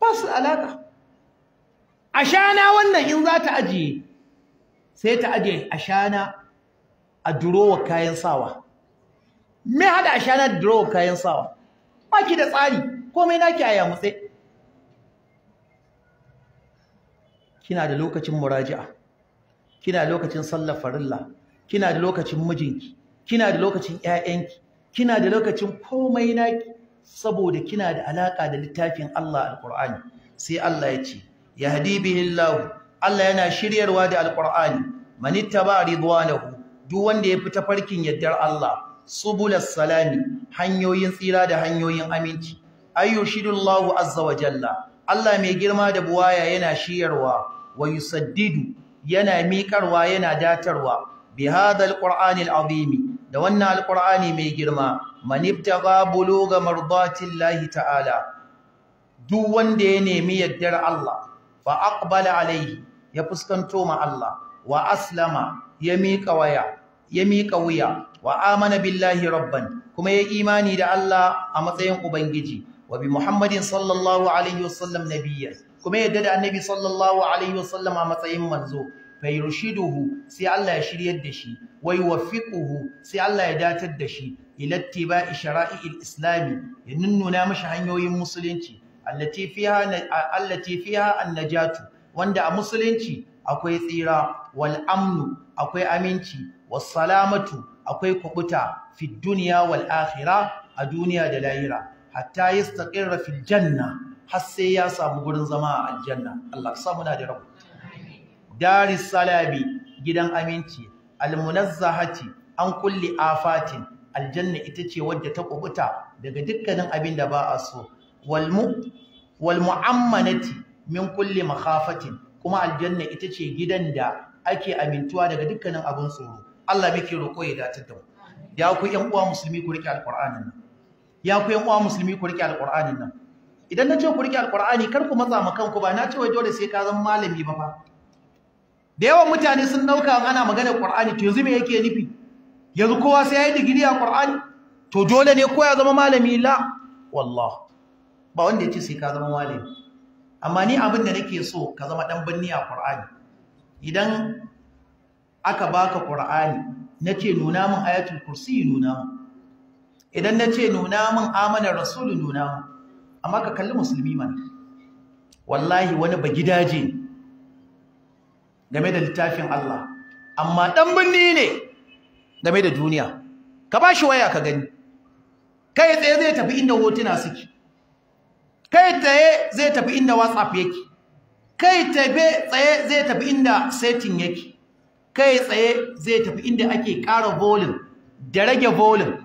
ba su alaƙa a shana wannan in za ta ajiye sai ta ajiye a shana a durowar kayan sawa me haɗa ashana da draw kayan sawa ba ki da tsari komai ki aya yamutse kina da lokacin muraji'a kina da lokacin sallar farilla kina da lokacin mijinki kina da lokacin ƴaƴanki kina da lokacin komai naki saboda kina da alaƙa da littafin Allah alqur'ani sai Allah ya ce yahdi bihi Allah Allah yana shiryarwa da alqur'ani man ittaba ridwanahu duk wanda ya fita farkin yaddar Allah subulas salami hanyoyin tsira da hanyoyin aminci ayyushidullahu azza wa jalla Allah mai girma da buwaya yana shiyarwa wa yusaddidu yana miƙarwa yana datarwa bi hadhal qur'anil azimi da wannan alqur'ani mai girma ga buluga mardatillahi ta'ala duk wanda ya nemi yaddar Allah fa aqbala alaihi ya fuskanto ma Allah wa aslama ya miƙa waya ya miƙa wuya wa amana billahi rabban kuma ya imani da Allah a matsayin ubangiji wa bi Muhammadin sallallahu alaihi wasallam nabiyya kuma yadda da annabi sallallahu alaihi wasallam a matsayin manzo fayrushiduhu sai Allah ya shiryar da shi wa yuwaffiquhu sai Allah ya datar da shi ila ittiba'i shara'i'il islami ya nunnuna mashi hanyoyin musulunci allati fiha allati fiha annajatu wanda a musulunci akwai tsira wal amnu akwai aminci was salamatu akwai kubuta fi duniya wal akhira a duniya da lahira hatta yastaqirra fi janna har sai ya samu wurin zama a aljanna Allah samu na da rabu daris salabi gidan aminci almunazzahati an kulli afatin aljanna ita ce wadda ta kubuta daga dukkanin abin da ba a so wal mu'ammanati min kulli makhafatin kuma aljanna ita ce gidan da ake amintuwa daga dukkanin abin tsoro Allah muke ya datar da mu ya ku uwa musulmi ku rike nan ya ku ƴan uwa musulmi ku rike alƙur'anin nan idan na ce ku rike alƙur'ani kar ku matsa ma kanku ba na ce wai dole sai ka zama malami ba fa da yawan mutane sun dauka ana magana Qur'ani to yanzu me yake nufi yanzu kowa sai yayi digiri a Qur'ani to dole ne ko ya zama malami la wallahi ba wanda yace sai ka zama malami amma ni abin da nake so ka zama dan binni a Qur'ani idan aka baka Qur'ani nace nuna min ayatul kursi nuna min idan nace nuna min amanar rasul nuna min amma ka kalli musulmi mana wallahi wani ba gidaje game da littafin Allah amma dan binni ne game da duniya ka bashi waya ka gani kai tsaye zai tafi inda hotuna suke kai tsaye zai tafi inda WhatsApp yake kai tsaye zai tafi inda setting yake kai tsaye zai tafi inda ake ƙara volin da rage volin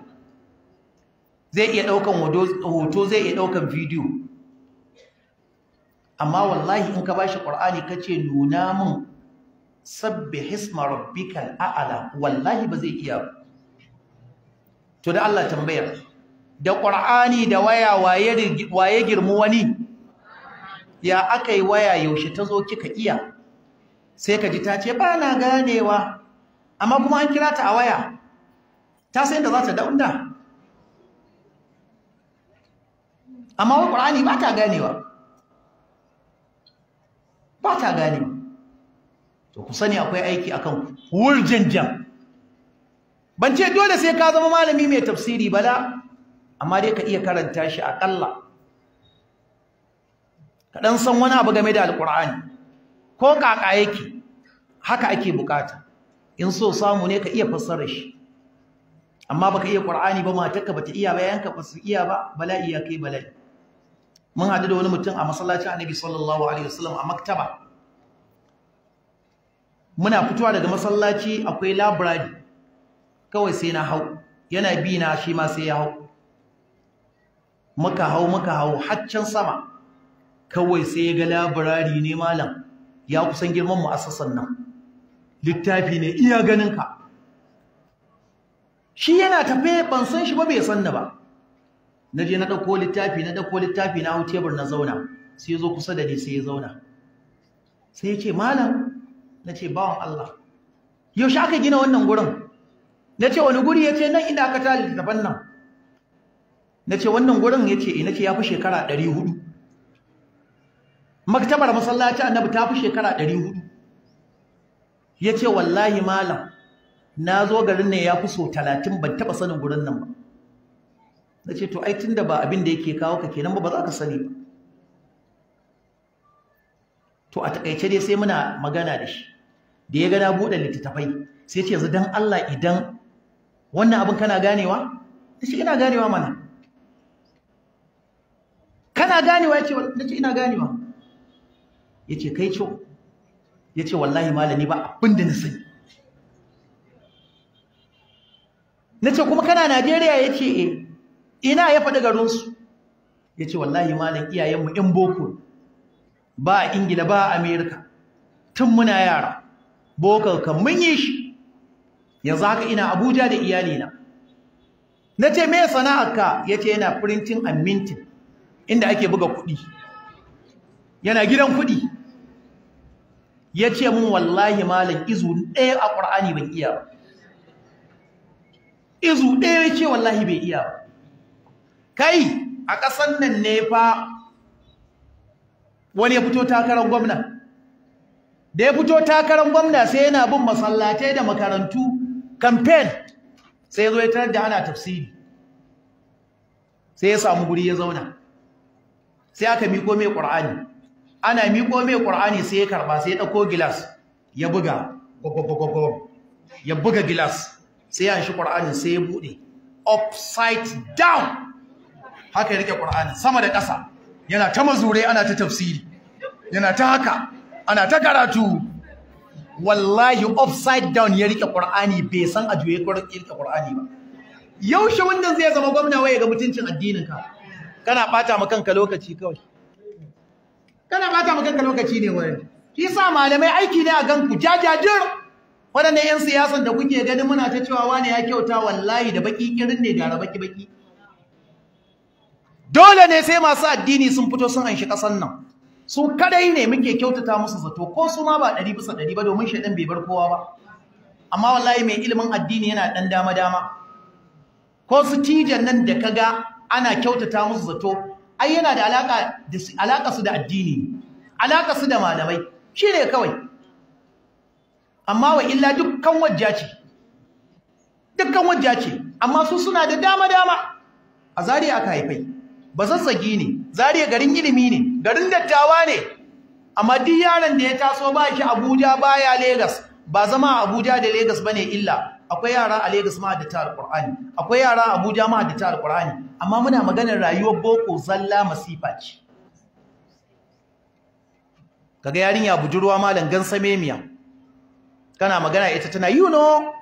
zai iya ɗaukan hoto zai iya ɗaukan bidiyo amma wallahi in ka ba shi ƙwar'ani ka ce nuna mun sabbe hisma rabbikal a'ala wallahi ba zai iya to da Allah tambayar da ƙwar'ani da waya waye girmu wani ya aka yi waya yaushe ta zo kika iya sai ka ji ta ce ba na ganewa amma kuma an kira ta a waya ta san da za ta daunda amma wa ƙur'ani ba ta ganewa ba ta ganewa to ku sani akwai aiki akan jam ban ce dole sai ka zama malami mai tafsiri bala amma dai ka iya karanta shi aƙalla. ka ɗan san wani abu game da alqur'ani ko kaka yake haka ake bukata in so samu ne ka iya fassara shi amma baka iya qur'ani ba matarka bata iya ba yanka ba iya ba bala'i ya kai bala'i mun hadu da wani mutum a masallacin annabi sallallahu alaihi wasallam a maktaba muna fitowa daga masallaci akwai library kawai sai na hau yana bi na shi ma sai ya hau muka hau muka hau haccan sama kawai sai ya ga library ne malam ya kusan girman sassan nan littafi ne iya ganinka shi yana tafe ban san shi ba bai san ni ba na je na ɗauko littafi na ɗauko littafi na hau tebur na zauna sai ya zo kusa da ni sai ya zauna sai ya ce malam na ce bawan Allah yaushe aka gina wannan gurin na ce wani guri ya ce nan ina ka tali littafan nan na ce wannan gurin ya ce ina eh, ce ya fi shekara ɗari maktabar masallaci annabi ta fi shekara 400 yace wallahi malam na zo garin ne ya fi so 30 ban taba sanin gurin nan ba nace to ai tunda ba abin da yake kawo ka kenan ba ba za ka sani ba to a takaice dai sai muna magana da shi da ya ga na buɗe littattafai sai ce yanzu dan Allah idan wannan abin kana ganewa ce ina ganewa mana kana ganewa yace nace ina ganewa yace kai ciwo yace wallahi malami ba abin da na sani nace kuma kana Najeriya yace eh ina ya faɗi garin su yace wallahi malam mu in boko ba a Ingila ba a Amerika tun muna yara bokar kan mun yi shi yanzu haka ina Abuja da iyalina na ce me sana'arka yace yana printing and minting inda ake buga kuɗi yana gidan kuɗi ya ce mun wallahi malam izu ɗaya a ƙur'ani ban iya ba izu ɗaya ya ce wallahi bai iya ba kai a ƙasan nan ne fa wani ya fito takarar gwamna da ya fito takarar gwamna sai yana bin masallatai da makarantu kamfen. sai ya zo ya tarar da ana tafsiri sai ya samu guri ya zauna sai aka miko mai ƙur'ani ana miko mai ƙur'ani sai ya karba sai ya ɗauko gilas ya buga gwagwagwagwagwag ya buɗe down sama da ƙasa yana ta wallahi down ya bai san a ba yaushe wanda zai zama gwamna ga mutuncin addininka kana ɓata ma kanka lokaci kawai kana bata maka kanka lokaci ne wani shi yasa malamai aiki ne a gan ku jajajir wadannan yan siyasan da kuke ganin muna ta cewa wani ya kyauta wallahi da baki kirin ne gara baki baki dole ne sai masu addini sun fito sun anshi kasan nan su kadai ne muke kyautata musu zato ko su ma ba ɗari bisa ɗari ba domin shaɗin bai bar kowa ba amma wallahi mai ilimin addini yana ɗan dama dama ko su tijan nan da ka ga ana kyautata musu zato ai yana da alaka da alaka su da addini alaka su da malamai shine kawai amma wa illa dukkan wajja ce dukkan wajja ce amma su suna da dama dama a zariya aka haifai ba zazzagi ne zariya garin ilimi ne garin dattawa ne amma duk yaron da ya taso ba shi Abuja baya Lagos ba zama Abuja da Lagos bane illa akwai yara a Legas ma da ta akwai yara a Abuja ma da ta amma muna maganar rayuwar boko zalla masifa ce kaga yarinya bujurwa malam gansame miya kana magana ita tana you know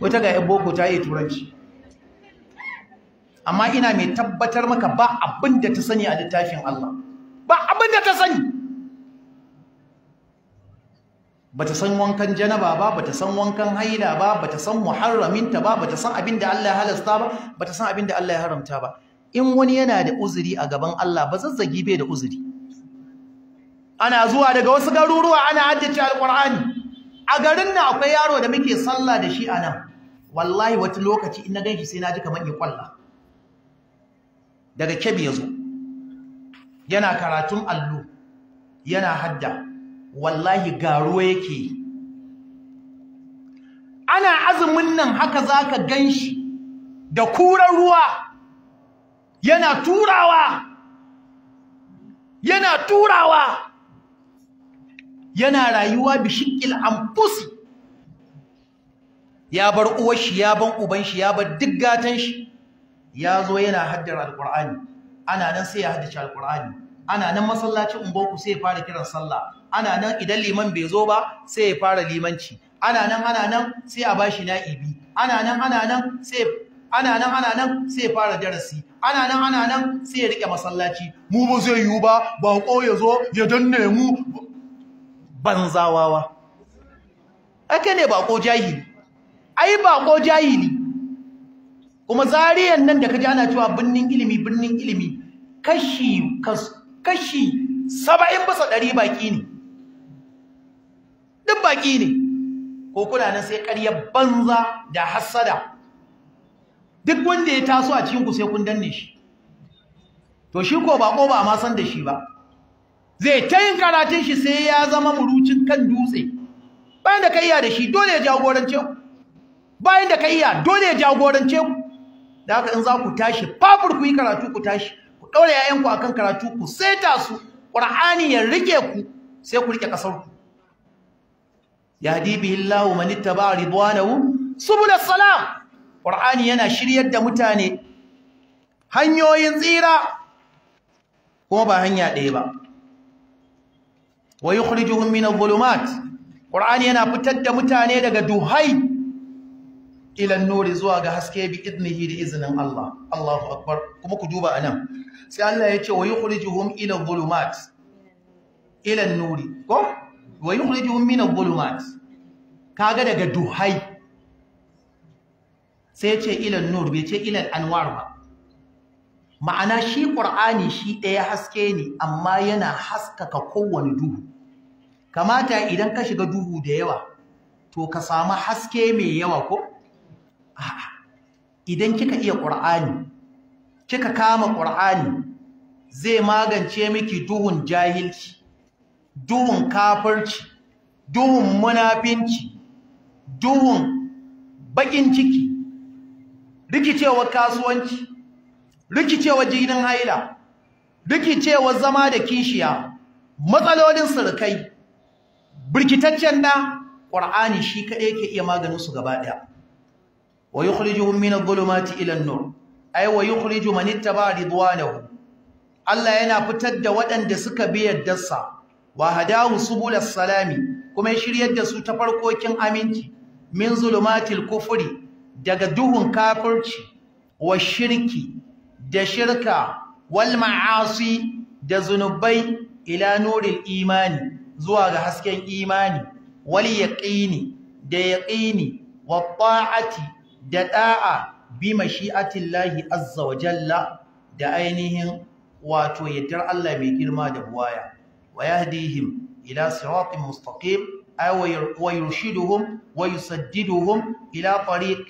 wata ga yan boko ta yi turanci amma ina mai tabbatar maka ba abin da ta sani a littafin Allah ba abin da ta sani bata san wankan janaba ba bata san wankan haila ba bata san muharraminta ba bata san abin da Allah ya halasta ba bata san abin da Allah ya haramta ba in wani yana da uzuri a gaban Allah ba zazzagi bai da uzuri ana zuwa daga wasu garuruwa ana haddace alqur'ani a garin nan akwai yaro da muke sallah da shi anan wallahi wata lokaci in na ganshi sai na ji kamar ya kwalla daga kebe yazo yana karatun allo yana hadda wallahi garo yake ana azumin nan haka zaka ganshi da kuran ruwa yana turawa yana turawa yana rayuwa bishikil anfusi ya bar uwar shi ya ban uban shi ya bar duk gatan shi ya zo yana haddar alqur'ani ana nan sai ya haddace alqur'ani ana nan masallacin ku sai ya fara kiran sallah ana nan idan liman bai zo ba sai ya fara limanci ana nan ana nan sai a bashi na'ibi ana nan ana nan sai ana nan ana nan sai ya fara darasi ana nan ana nan sai ya rike masallaci mu ba zai yiwu ba bako ya zo ya danne mu banzawawa ake ne bako jahili ai bako jahili kuma zariyan nan da kaji ana cewa binnin ilimi binnin ilimi kashi kashi saba'in bisa ɗari baki ne duk baki ne ko kuna nan sai ƙarya banza da hassada duk wanda ya taso a cikin ku sai kun danne shi to shi ko ba ko ba ma san da shi ba zai ta yin karatun shi sai ya zama murucin kan dutse bayan da kayya da shi dole ya jagorance ku bayan da kayya dole ya jagorance ku da haka in za ku tashi fafur ku yi karatu ku tashi ku ɗaura 'ya'yanku akan karatu ku saita su ƙur'ani ya rike ku sai ku rike ƙasar ku yahdi bihi Allahu man ittaba ridwanahu subul salam qur'ani yana shiryar da mutane hanyoyin tsira kuma ba hanya ɗaya ba wa yukhrijuhum min adh-dhulumat qur'ani yana fitar da mutane daga duhai ila nuri zuwa ga haske bi idnihi da iznin Allah Allahu akbar kuma ku duba anan sai Allah ya ce wa yukhrijuhum ila adh-dhulumat ila nuri ko wa yukhrijuhum min adh Ka kaga daga duhai sai ce ilan nur bai ce ilan anwar ba ma'ana shi ƙur'ani shi ɗaya haske ne amma yana haskaka kowane duhu kamata idan ka shiga duhu da yawa to ka samu haske mai yawa ko idan kika iya ƙur'ani, kika kama ƙur'ani, zai magance miki duhun jahilci duhun kafarci duhun munafinci duhun bakin ciki rikicewar kasuwanci rikicewar jinin haila rikicewar zama da kishiya matsalolin surkai birkitaccen da ƙur'ani shi kaɗai ke iya maganin su gaba ɗaya wa yi min adh minar ila ilan nur ai wa ba riduwa ittaba hu Allah yana fitar da waɗanda suka bi dasa. wa hadahu subulas salami kuma ya shiryar da su ta farkokin aminci min zulumatil kufuri daga duhun kafirci wa shirki da shirka wal ma'asi da zunubai ila nuril imani zuwa ga hasken imani wal yaqini da yaqini wa ta'ati da da'a bi mashi'atillahi azza wa jalla da ainihin wato yaddar Allah mai girma da buwaya ويهديهم إلى صراط مستقيم ويرشدهم ويسددهم إلى طريق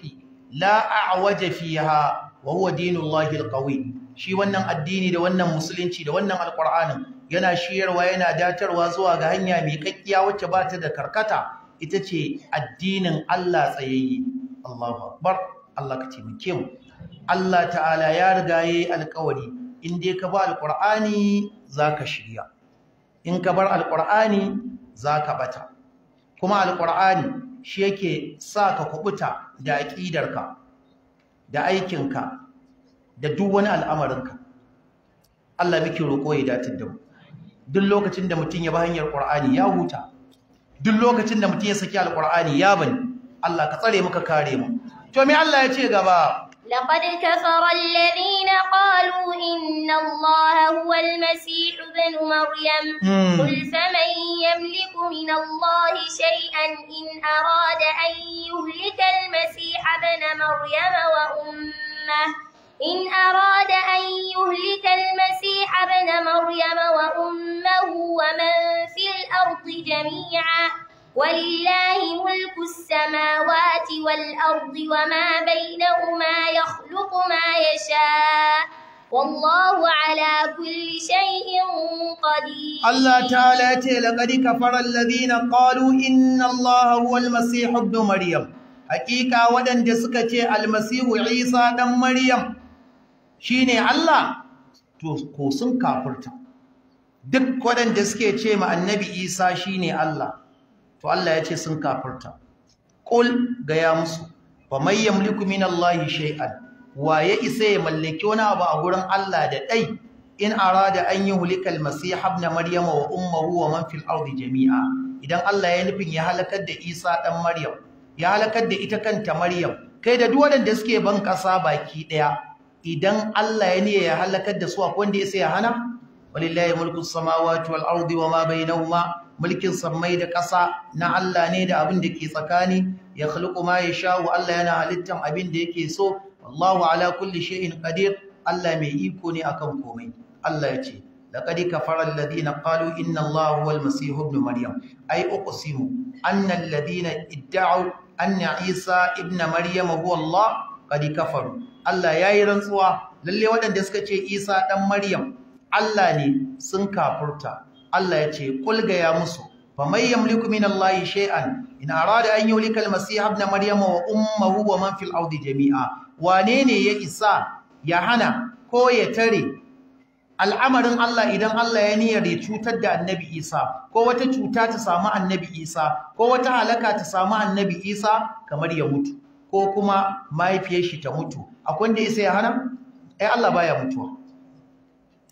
لا أعوج فيها وهو دين الله القوي shi wannan addini da wannan musulunci da wannan alƙur'anin yana shiyarwa yana datarwa zuwa ga hanya mai kakkiya wacce ba ta da karkata ita ce addinin Allah tsayayye Allahu akbar Allah ka taimake mu Allah ta'ala ya riga yayi alƙawari in dai ka ba alƙur'ani zaka shirya in ka bar alƙur'ani za ka bata kuma alƙur'ani shi yake sa ka kubuta da aƙidarka da aikinka da duk wani al'amarinka Allah muke roƙo ya datin da mu duk lokacin da mutum ya bi hanyar ƙur'ani ya huta duk lokacin da mutum ya saki alƙur'ani ya bani Allah ka tsare muka kare mu to me Allah ya ce gaba لقد كفر الذين قالوا إن المسيح ابن مريم قل فمن يملك من الله شيئا إن أراد أن يهلك المسيح بن مريم وأمه إن أراد أن يهلك المسيح بن مريم وأمه ومن في الأرض جميعا ولله ملك السماوات والأرض وما بينهما يخلق ما يشاء والله على كل شيء قدير الله تعالى لقد كفر الذين قالوا إن الله هو المسيح ابن مريم حقيقة ودن جسكة المسيح عيسى دم مريم شيني الله kosun kafirta duk waɗanda suke ce ma annabi isa shine Allah to Allah ya ce sun kafirta ƙul gaya musu ba mai yamliku min Allah shay'an waye isa ya mallaki wani abu a gurin Allah da ɗai? in arada an yuhlika al-masih ibn maryama wa ummuhu wa man fil ardi jami'a idan Allah ya nufin ya halakar da Isa dan Maryam ya halakar da ita kanta Maryam kai da duk waɗanda suke ban ƙasa baki ɗaya idan Allah ya niyya ya halakar da su akwai wanda ya sai ya hana walillahi mulku samawati wal ardi wama bainahuma mulkin sammai da ƙasa na Allah ne da abin da ke tsakani ya khluqu ma yasha Allah yana halittan abin da yake so wallahu ala kulli shay'in kadir. Allah mai iko ne a kan komai Allah ya ce laqad kafara alladhina qalu inna Allah huwal masih ibn maryam ay uqsimu anna alladhina idda'u anna Isa ibn maryam huwa Allah qad kafaru Allah yayi rantsuwa lalle waɗanda suka ce Isa ɗan maryam Allah ne sun kafurta Allah ya ce kulga ya musu فمن يملك من الله شيئا إن أراد أن يهلك المسيح wa مريم وأمه ومن في الأرض جميعا wane ne ya isa ya hana ko ya tare al'amarin Allah idan Allah ya niyyar ya cutar da annabi Isa ko wata cuta ta samu annabi Isa ko wata halaka ta samu annabi Isa kamar ya mutu ko kuma mahaifiyar shi ta mutu akwai kwanda isa ya hana ai Allah baya mutuwa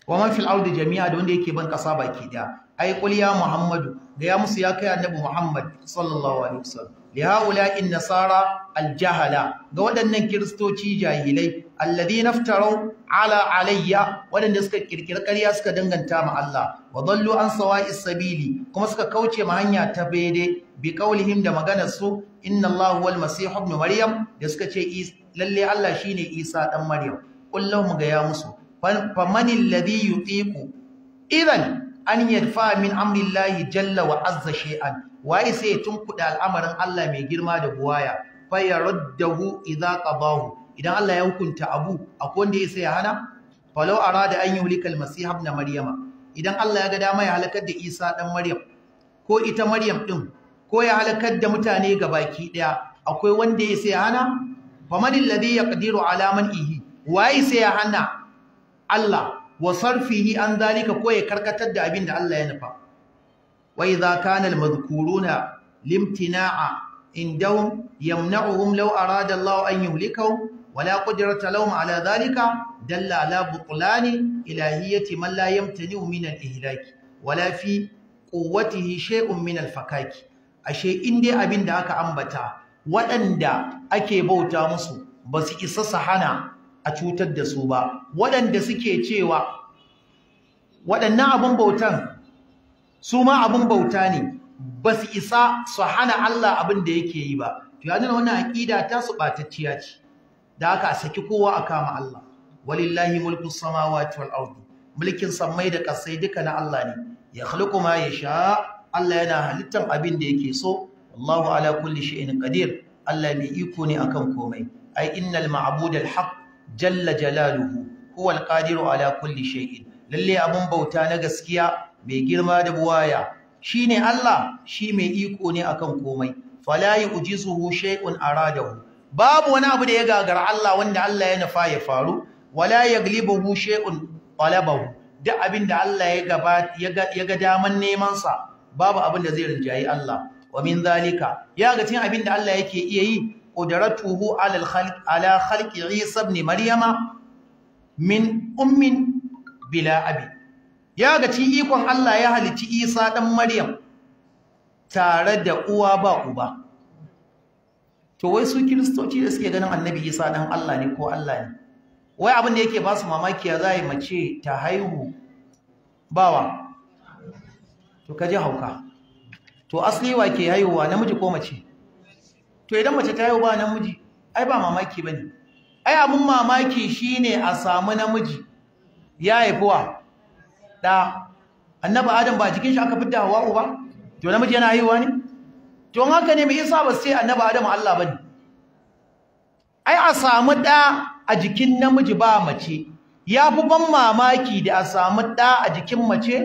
wa mafi fil da jami'a da wanda yake ban kasa baki daya ai kuliya muhammadu da ya musu ya kai annabi muhammad sallallahu alaihi wasallam lihaula in nasara aljahala ga waɗannan kiristoci jahilai alladhi naftaru ala alayya waɗanda suka kirkiri ƙarya suka danganta ma Allah wa dallu an sawa'is sabili kuma suka kauce ma hanya ta bede bi qaulihim da maganar su inna Allahu wal masih maryam da suka ce lalle Allah shine Isa ɗan maryam kullum ga ya musu famanil ladhi yutiqu idan an yadfa min amrillahi jalla wa azza waye sai ya tunkuɗa al'amarin Allah mai girma da buwaya da fayaruddahu idza qadahu idan Allah ya hukunta abu akwai wanda ya sai ya hana falau rada an yuhlika al-masih ibn maryama idan Allah ya ga dama halakar da Isa ɗan Maryam ko ita Maryam ɗin? ko ya halakar da mutane ga baki ɗaya? akwai wanda ya sai ya hana Famanin alladhi ya ƙadiru alaman ihi waye sai ya hana Allah wa an zalika ko ya karkatar da abin da Allah ya nufa wa idza kana al-madhkuruna limtina'a indahum yamna'uhum law arada Allah an yuhlikahum wala qudrata lahum ala dhalika dalla ala butlani ilahiyyati man la yamtani'u min al-ihlaki wala fi quwwatihi shay'un min al-fakaki ashe in dai abin da aka ambata waɗanda ake bauta musu ba su isa sahana a cutar da su ba waɗanda suke cewa waɗannan abin bautan su ma abin bauta ne ba su isa su hana Allah abin da yake yi ba to ya nuna wannan aqida ta su batacciya ce da haka a saki kowa a kama Allah walillahi mulku samawati wal ardi mulkin sammai da kasai duka na Allah ne ya khluqu ma yasha Allah yana halittar abin da yake so Allahu ala kulli shay'in qadir Allah mai iko ne akan komai ai innal ma'bud al haqq jalla jalaluhu huwa al qadiru ala kulli shay'in lalle abun bauta na gaskiya mai girma da buwaya ne Allah shi mai iko ne akan komai fala yujizuhu shay'un aradahu babu wani abu da ya gagara Allah wanda Allah ya nufa ya faru wala yaglibuhu shay'un qalabahu duk abin da Allah ya ga daman nemansa, babu abin da zai rinjayi Allah wa min zalika ya ga cin abin da Allah yake iya yi qudratuhu ala al-khalq ala khalqi Isa ibn Maryama min ummin bila abi ya ga ci ikon Allah ya halici Isa ɗan Maryam tare da uwa ba uba to wai su kiristoci da suke ganin Annabi Isa dan Allah ne ko Allah ne wai abin da yake ba su mamaki ya zai mace ta haihu bawa to kaje hauka to asli wa ke haihuwa namiji ko mace to idan mace ta haihu ba namiji ai ba mamaki bane ai abin mamaki shine a samu namiji ya haifuwa da annabi adam ba jikin shi aka fidda hawa'u uba? to namiji yana haihuwa ne to haka ne mai isa ba sai annabi adam Allah bane ai a samu da a jikin namiji ba mace ya fi ban mamaki da a samu da a jikin mace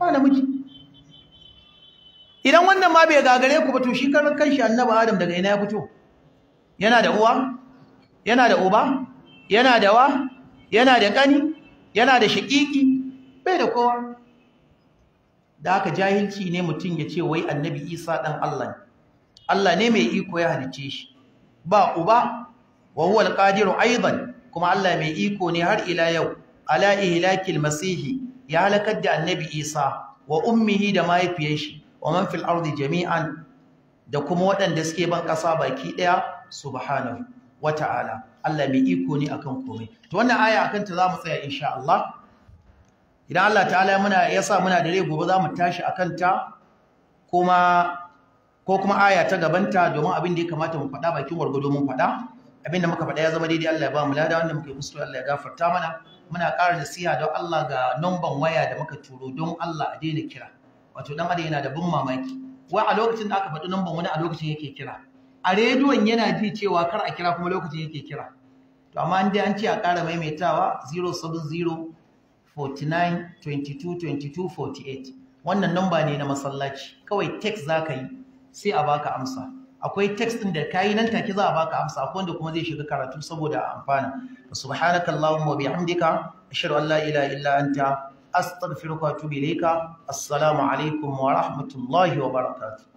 ba namiji idan wannan ma bai gagare ku ba to shi kan kanshi annabi adam daga ina ya fito yana da uwa yana da uba yana da wa yana da kani yana da shaƙiƙi bai da kowa da aka jahilci ne mutum ya ce wai annabi isa ɗan allah ne allah ne mai iko ya halice shi ba uba wa huwa alqadiru aidan kuma allah mai iko ne har ila yau ala ihlakil masihi ya halakar da annabi isa wa ummihi da mahaifiyar shi wa man fil ardi jami'an da kuma waɗanda suke ban ƙasa baki ɗaya subhanahu wa ta'ala Allah mai iko ne akan komai to wannan aya akan ta zamu tsaya insha Allah idan Allah ta'ala muna yasa muna da rai gobe zamu tashi akan ta kuma ko kuma aya ta gabanta domin abin da ya kamata mu faɗa bakin wargo mun faɗa abin da muka faɗa ya zama daidai Allah ya ba mu lada wanda muke musu Allah ya gafarta mana muna ƙara nasiha don Allah ga numban waya da muka turo don Allah a daina kira wato dan adam yana da bin mamaki wa a lokacin da aka faɗi numban wani a lokacin yake kira a rediyon yana ji cewa kar a kira kuma lokacin yake kira to amma an dai an ce a ƙara maimaitawa 070-49-22-22-48 wannan namba ne na masallaci kawai text za ka yi sai a baka amsa akwai text ɗin da ka yi nan take za a baka amsa akwai wanda kuma zai shiga karatu saboda a amfana subhanaka allahumma wa bihamdika ashhadu an la ilaha illa anta astaghfiruka wa atubu ilayka assalamu alaikum wa rahmatullahi wa barakatuh